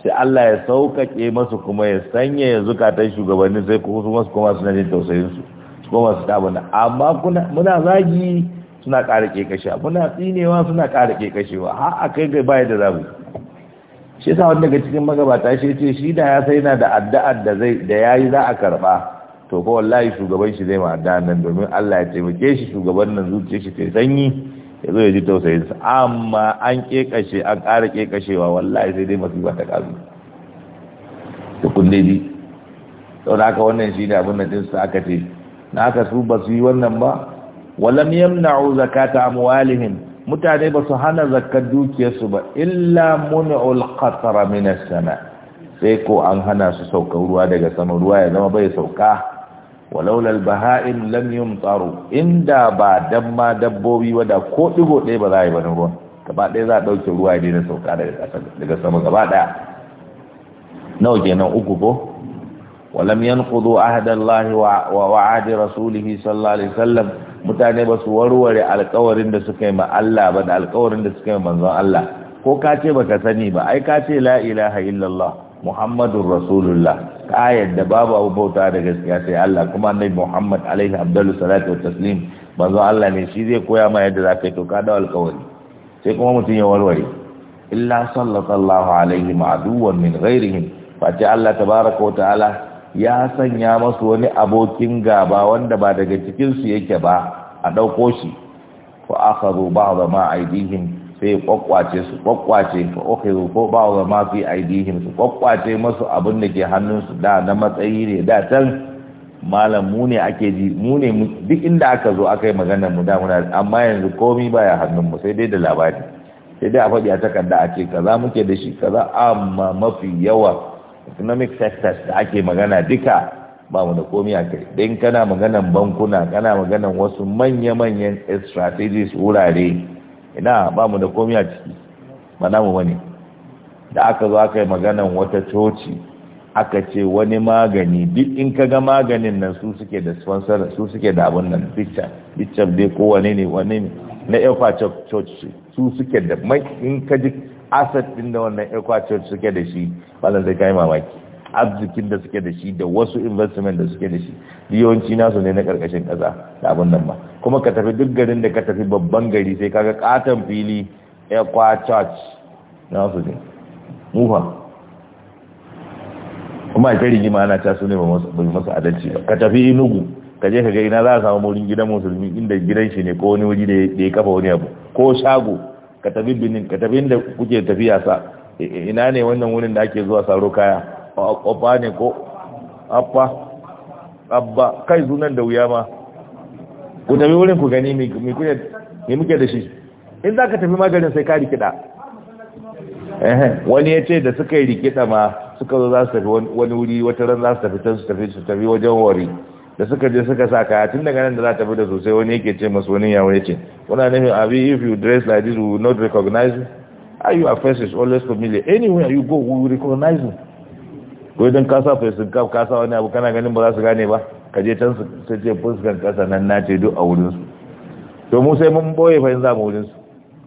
S1: sai Allah ya sauƙaƙe masu kuma ya sanya ya zukatan shugabannin sai kuma su masu koma suna jin tausayin su su koma su ta bana amma muna zagi suna ƙara ƙeƙashewa muna tsinewa suna ƙara ƙeƙashewa har a kai ga baya da zabi shi yasa wanda daga cikin magabata shi ce shi da ya sai na da addu'ar da zai da yayi za a karba to fa wallahi shugaban shi zai ma addu'a nan domin Allah ya taimake shi shugaban nan zuciyar shi ta sanyi ya zo ya ji tausayin sa amma an kekashe an ƙara kekashewa wallahi sai dai masifa ta kazu da kunne ji don haka wannan shi ne abin da din su aka ce na aka su ba su yi wannan ba walam yamna'u zakata amwalihim mutane ba su hana zakar dukiyarsu ba illa muni qatara min as-sama sai ko an hana su saukar ruwa daga sama ruwa ya zama bai sauka walaula al-baha'im lam yumtaru inda ba damma dabbobi wada ko digo ɗaya ba za a yi bane ruwa gaba ɗaya za a ɗauke ruwa ne na sauka daga sama gaba ɗaya nawa kenan uku ko walam ينقضوا عهد الله wa رسوله صلى sallallahu alaihi sallam. mutane ba su warware alkawarin da suka yi ma Allah ba da alkawarin da suka yi manzon Allah ko ka ce baka sani ba ai ka ce la ilaha illallah Muhammadu rasulullah ka da babu abu bauta da gaskiya sai Allah kuma annabi muhammad alaihi abdullu salatu wa taslim manzon Allah ne shi zai koya ma yadda zaka yi to ka dawo alkawari sai kuma mutum ya warware illa sallallahu alaihi ma'duwan min ghairihim fa ce Allah tabaraka wa ta'ala ya sanya masu wani abokin gaba wanda ba daga cikinsu yake ba a ɗauko shi fa aka zo ba ma aidihim sai kwakwace su kwakwace fa aka zo ko ba ma fi aidihim su kwakwace masu abin da ke hannunsu da na matsayi ne da can malam mu ne ake ji mu ne duk inda aka zo aka yi maganar mu da muna amma yanzu komi baya mu sai dai da labari sai dai a faɗi a takarda a ce kaza muke da shi kaza amma mafi yawa economic sectors da ake magana duka ba mu da komi a kai don kana maganan bankuna kana maganan wasu manya-manyan strategies wurare ina ba mu da komi a ciki ba namu wani da aka zo aka yi maganan wata coci aka ce wani magani duk in ka ga maganin nan su suke da sponsor su suke da abun nan picture picture dai ko wane ne wani ne na fa church su suke da mai in ka ji asad din da wannan equator suke da shi wannan zai kai mamaki arzikin da suke da shi da wasu investment da suke da shi na nasu ne na karkashin kasa da abin nan ba kuma ka tafi duk garin da ka tafi babban gari sai kaga katon fili equator nasu ne muha kuma tarihi ma ana ta ne ba masu adalci ba ka tafi inugu ka je ka ga ina za a samu wurin gidan musulmi inda gidan shi ne ko wani wuri da ya kafa wani abu ko shago ka tafi binin ka tafi inda kuke tafiya sa e, e, ina ne wannan wurin da ake zuwa saro kaya ofa ne ko affa abba kai zunan da wuya ma ku tafi wurin ku gani mai muke da shi in za ka tafi maganin sai ka rikida wani ya ce da suka yi rikida ma suka zo za su tafi wani wuri wata ran za su tafi can su tafi su tafi wajen wari da suka je suka sa kaya tun daga nan da za ta fi da sosai wani yake ce masu wani yawon yake ce kuna nemi abi if you dress like this we will not recognize you are you a face is always familiar anywhere you go we will recognize you ko idan kasa sa face cap kasa wani abu kana ganin ba za su gane ba ka je can su ta ce fuskan kasa nan na ce duk a wurin su to mu sai mun boye fa in za mu wurin su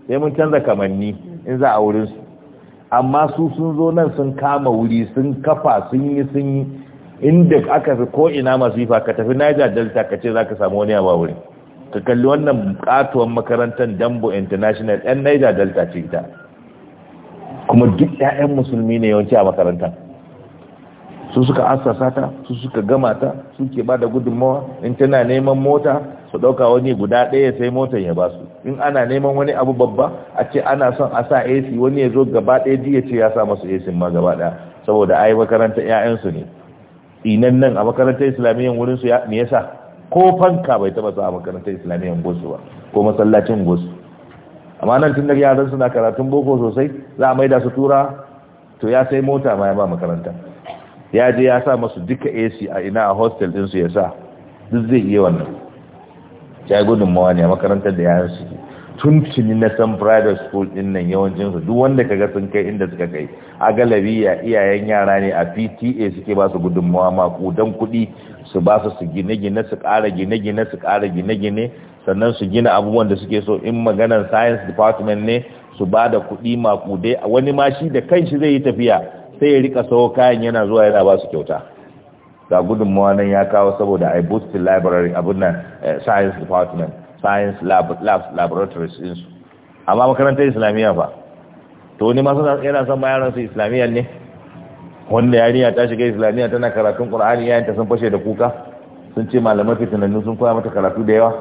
S1: sai mun canza kamanni in za a wurin su amma su sun zo nan sun kama wuri sun kafa sun yi sun yi inda aka fi ko ina masifa ka tafi Niger Delta ka ce zaka samu wani abu wuri ka kalli wannan katuwan makarantar Dambo International ɗan Niger Delta ce ta kuma duk ɗayan musulmi ne yawanci a makarantar su suka asasa ta su suka gama ta ke ba da gudunmawa in tana neman mota su ɗauka wani guda ɗaya sai motar ya ba su in ana neman wani abu babba a ce ana son a sa AC wani ya zo gaba ɗaya ji ya ce ya sa masu AC ma gaba ɗaya saboda ai makarantar 'ya'yansu ne tsinan nan a makarantar islamiyyar wurin su me yasa ko fanka bai taba zuwa a makarantar islamiyyar gosu ba ko masallacin gosu amma nan tun daga yaran suna karatun boko sosai za a maida su tura to ya sai mota ma ya ba makaranta ya je ya sa masu duka AC a ina a hostel din su ya sa duk zai iya wannan ya gudunmawa ne a makarantar da yaran suke tun tuntuni na san private school din nan yawancin duk wanda ka ga sun kai inda suka kai a galabi ya iyayen yara ne a PTA suke ba su gudunmawa dan kudi su ba su su gine-gine su kara gine-gine su kara gine-gine sannan su gina abubuwan da suke so in maganar science department ne su ba da kuɗi makudai wani ma shi da shi zai yi tafiya sai ya rika sawo kayan yana zuwa yana ba su kyauta ga gudunmawa nan ya kawo saboda i boost library abin nan eh, science department science lab labs, laboratories ɗinsu amma makarantar islamiyya ba to ni masu yana son ma su islamiyya ne wanda yarinya ta shiga islamiyya tana karatun ƙur'ani yayin ta sun fashe da kuka sun ce malamai fitinannu sun koya mata karatu da yawa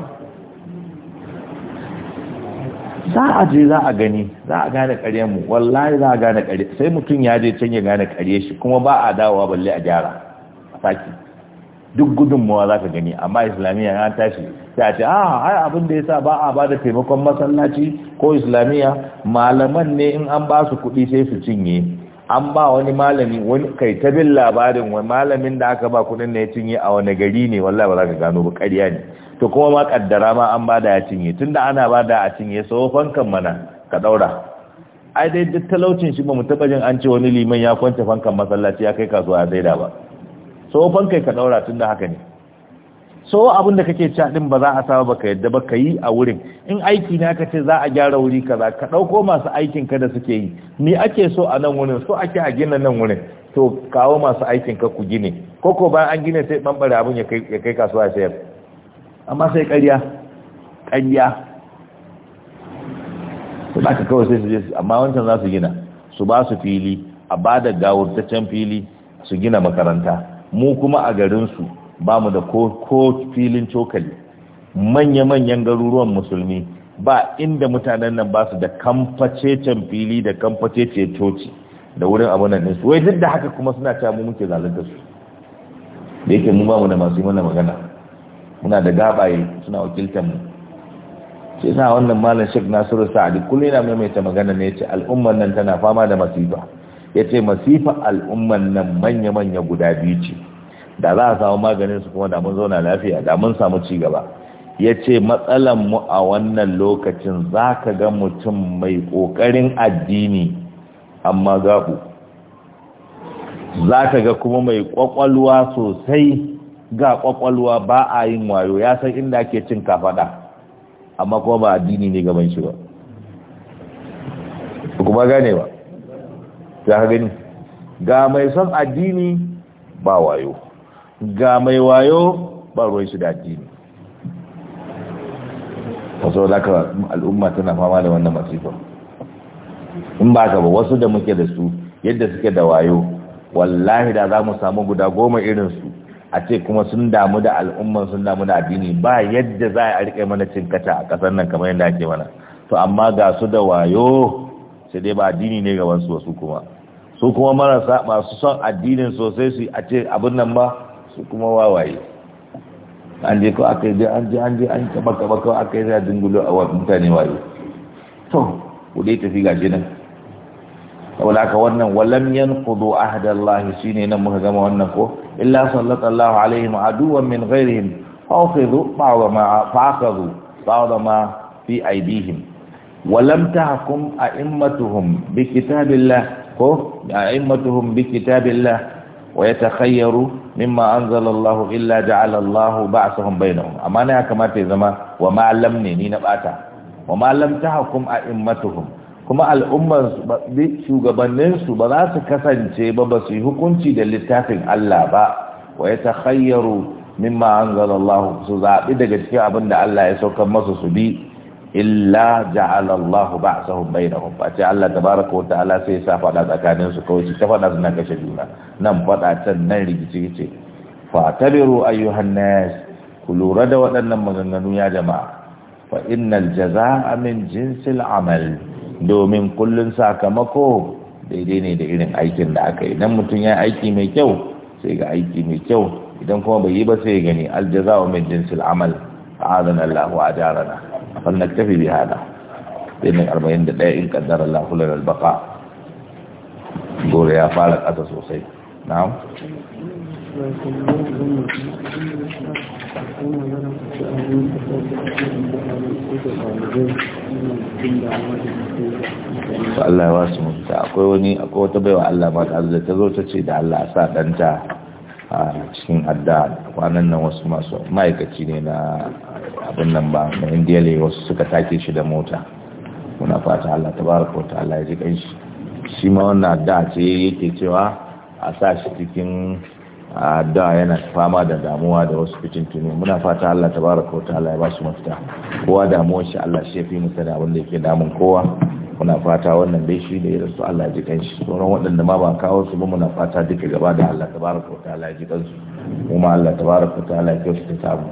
S1: za a je za a gani za a gane ƙaryen mu wallahi za a gane ƙarye sai mutum ya je can ya gane ƙarye shi kuma ba a dawowa balle a gyara a saki duk gudunmawa za ka gani amma islamiyya ya tashi sai a ce a ah, ai abin da ya sa ba a bada taimakon masallaci ko islamiyya malaman ne in an ba su kuɗi sai su cinye an ba wani malami wani kai ta bin labarin wani malamin da aka ba kuɗin ne ya cinye a wani gari ne wallahi ba za ka gano ba ƙarya ne to kuma ma kaddara ma an bada ya cinye tunda ana bada a cinye tsohon kan mana ka daura ai dai duk talaucin shi ba mu taɓa jin an ce wani liman ya kwance fankan masallaci ya kai kasuwa ya daida ba tsohon kai ka daura tunda haka ne so abinda kake cewa din ba za a saba baka yadda ba ka yi a wurin in aiki na ka ce za a gyara wuri kaza ka dauko masu aikin ka da suke yi ni ake so a nan wurin so ake a gina nan wurin to kawo masu aikin ka ku gine ko ko bayan an gine sai bambare abin ya kai kasuwa sayar amma sai ƙarya ƙarya su ba ka kawai sai su je amma wancan za su gina su ba su fili a ba da gawurtaccen fili su gina makaranta mu kuma a garinsu ba mu da ko filin cokali manya-manyan garuruwan musulmi ba inda mutanen nan ba su da kamfacecen fili da kamfacece coci da wurin abu nan ɗinsu wai duk da haka kuma suna cewa mu muke zalunta su da yake mu ba mu da masu yi mana magana muna da gabaye suna wakiltar mu ce sa wannan malam Sheikh Nasiru Sa'adi kullum yana maimaita magana ne ce al'ummar nan tana fama da masifa Ya ce masifa al'ummar nan manya-manya guda biyu ce da za a samu maganin su kuma da mun zauna lafiya da mun samu ci gaba ya ce matsalan mu a wannan lokacin za ka ga mutum mai ƙoƙarin addini amma gabu za ka ga kuma mai ƙwaƙwalwa sosai ga ƙwaƙwalwa ba a yin wayo ya san inda ke cin kafaɗa amma kuma ba addini ne gaban shi ba kuma gane ba za ka gani ga mai son addini ba wayo ga mai wayo ba ruwai shi da addini wasu laka al'umma tana fama da wannan masifa in ba ka ba wasu da muke da su yadda suke da wayo wallahi da za mu samu guda goma irinsu a ce kuma sun damu da al'umman sun damu da addini ba yadda za a riƙe mana kata a ƙasar nan kamar yadda ake mana to amma ga su da wayo sai dai ba addini ne ga wasu kuma su kuma marasa masu son addinin sosai su a ce abin nan ba su kuma wawaye an je ko aka yi an je an je an taba kaba kawai aka yi za dungulo a wasu mutane waye to ku tafi ga shi saboda haka wannan walam yanqudu ahdallahi shine nan muka gama wannan ko illa sallallahu alaihim aduwan min ghairihim fa'khudhu ba'da ma fa'khudhu ba'da ma fi aidihim walam tahkum a'immatuhum bi kitabillah ko a'immatuhum bi kitabillah ويتخيروا مما أنزل الله إلا جعل الله بعثهم بينهم أما أنا كما ne وما علمني نين بأتا وما لم تحكم أئمتهم kuma al'ummar shugabanninsu ba za su kasance ba ba yi hukunci da littafin Allah ba wa ya takhayyaru mimma anzalallahu su zaɓi daga cikin abin da Allah ya sauka masu su bi illa ja'ala Allah ba'sahum bainahum fa ce Allah tabaraka wa ta'ala sai sa fada tsakanin su kawai ta fada suna kashe juna nan fada can nan rigici ce fa tabiru ayyuhan nas ku lura da waɗannan maganganu ya jama'a fa innal jazaa'a min jinsil amal domin kullun sakamako daidai ne da irin aikin da aka yi idan mutum ya aiki mai kyau sai ga aiki mai kyau idan kuma bai yi ba sai gani al jazaa'u min jinsil amal a'adana Allah ajarana فلنكتفي بهذا لأن أربعين دقائق إن قدر الله لنا البقاء قول يا فالك أساس وصيب نعم Allah ya wasu mutu akwai wani akwai wata baiwa Allah ma ta zo ta ce da Allah a sa ɗanta a cikin adda kwanan nan wasu masu ma'aikaci ne na abin nan ba na indiya ne wasu suka take shi da mota muna fata Allah ta bara kota Allah ya ji shi ma wannan adda ce yake cewa a sa shi cikin addu'a yana fama da damuwa da wasu fitintuni muna fata Allah ta bara kota Allah ya ba shi mafita kowa damuwar shi Allah shi ya fi da abin da yake damun kowa muna fata wannan dai shi ne rasu Allah ji shi sauran waɗanda ma ba kawo su ba muna fata duka gaba da Allah tabaraka wa ta'ala ji su kuma Allah tabaraka wa ta'ala ya kyautu ta mu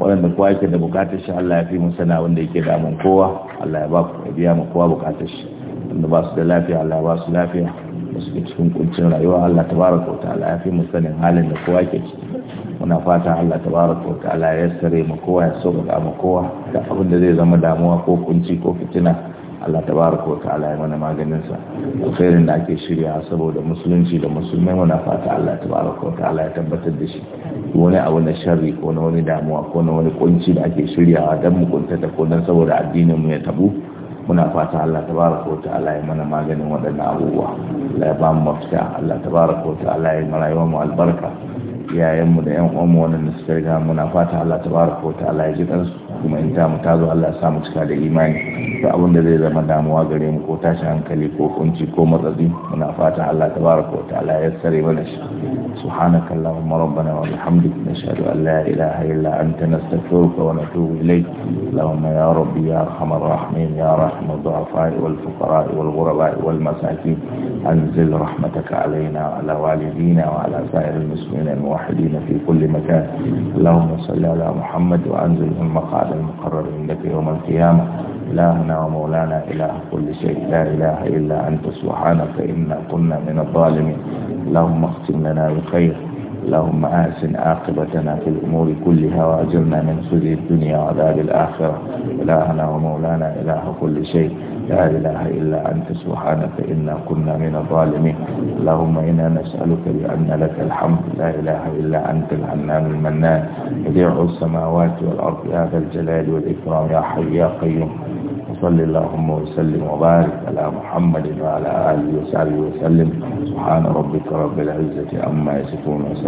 S1: waɗanda kowa yake da bukatar shi Allah ya fi mu sana wanda yake damun kowa Allah ya ba ku biya mu kowa bukatar shi wanda ba su da lafiya Allah ya ba su lafiya da su cikin kuncin rayuwa Allah tabaraka wa ta'ala ya fi mu sanin halin da kowa ke ciki muna fata Allah tabaraka wa ta'ala ya sare mu kowa ya sauƙaƙa mu kowa da abin da zai zama damuwa ko kunci ko fitina Allah ta tabaraka wa ta'ala ya mana maganinsa. sa alkhairin da ake shirya saboda musulunci da musulmai muna fata Allah ta tabaraka wa ta'ala ya tabbatar da shi wani abu na sharri ko na wani damuwa ko na wani kunci da ake shiryawa dan mu kuntata ko dan saboda addinin mu ya tabu muna fata Allah ta tabaraka wa ta'ala ya mana maganin waɗannan abubuwa Allah ya ba mu mafita Allah tabaraka wa ta'ala ya mana rayuwar mu albarka iyayenmu da yan uwanmu wannan suka riga muna fata Allah tabaraka wa ta'ala ya ji kansu kuma in ta mu ta zo Allah ya sa mu cika da imani to abin da zai zama damuwa gare mu ko tashi hankali ko kunci ko matsatsi muna fata Allah tabaraka wa ta'ala ya sare mana shi subhanaka allahumma rabbana wa bihamdika nashhadu an la ilaha illa anta nastaghfiruka wa natubu ilayk allahumma ya rabbi ya arhamar rahimin ya wal fuqara wal ghuraba wal masakin anzil rahmataka alaina wa ala walidina wa ala sa'iril muslimin الموحدين في كل مكان اللهم صل على محمد وأنزل المقعد المقرر عندك يوم القيامة إلهنا ومولانا إله كل شيء لا إله إلا أنت سبحانك إنا كنا من الظالمين اللهم اختم لنا بخير اللهم آسن عاقبتنا في الأمور كلها وأجرنا من خزي الدنيا وعذاب الآخرة إلهنا ومولانا إله كل شيء لا إله إلا أنت سبحانك إنا كنا من الظالمين اللهم إنا نسألك بأن لك الحمد لا إله إلا أنت الحنان المنان بديع السماوات والأرض يا ذا الجلال والإكرام يا حي يا قيوم وصل اللهم وسلم وبارك على محمد وعلى آله وصحبه وسلم سبحان ربك رب العزة عما يصفون وسلم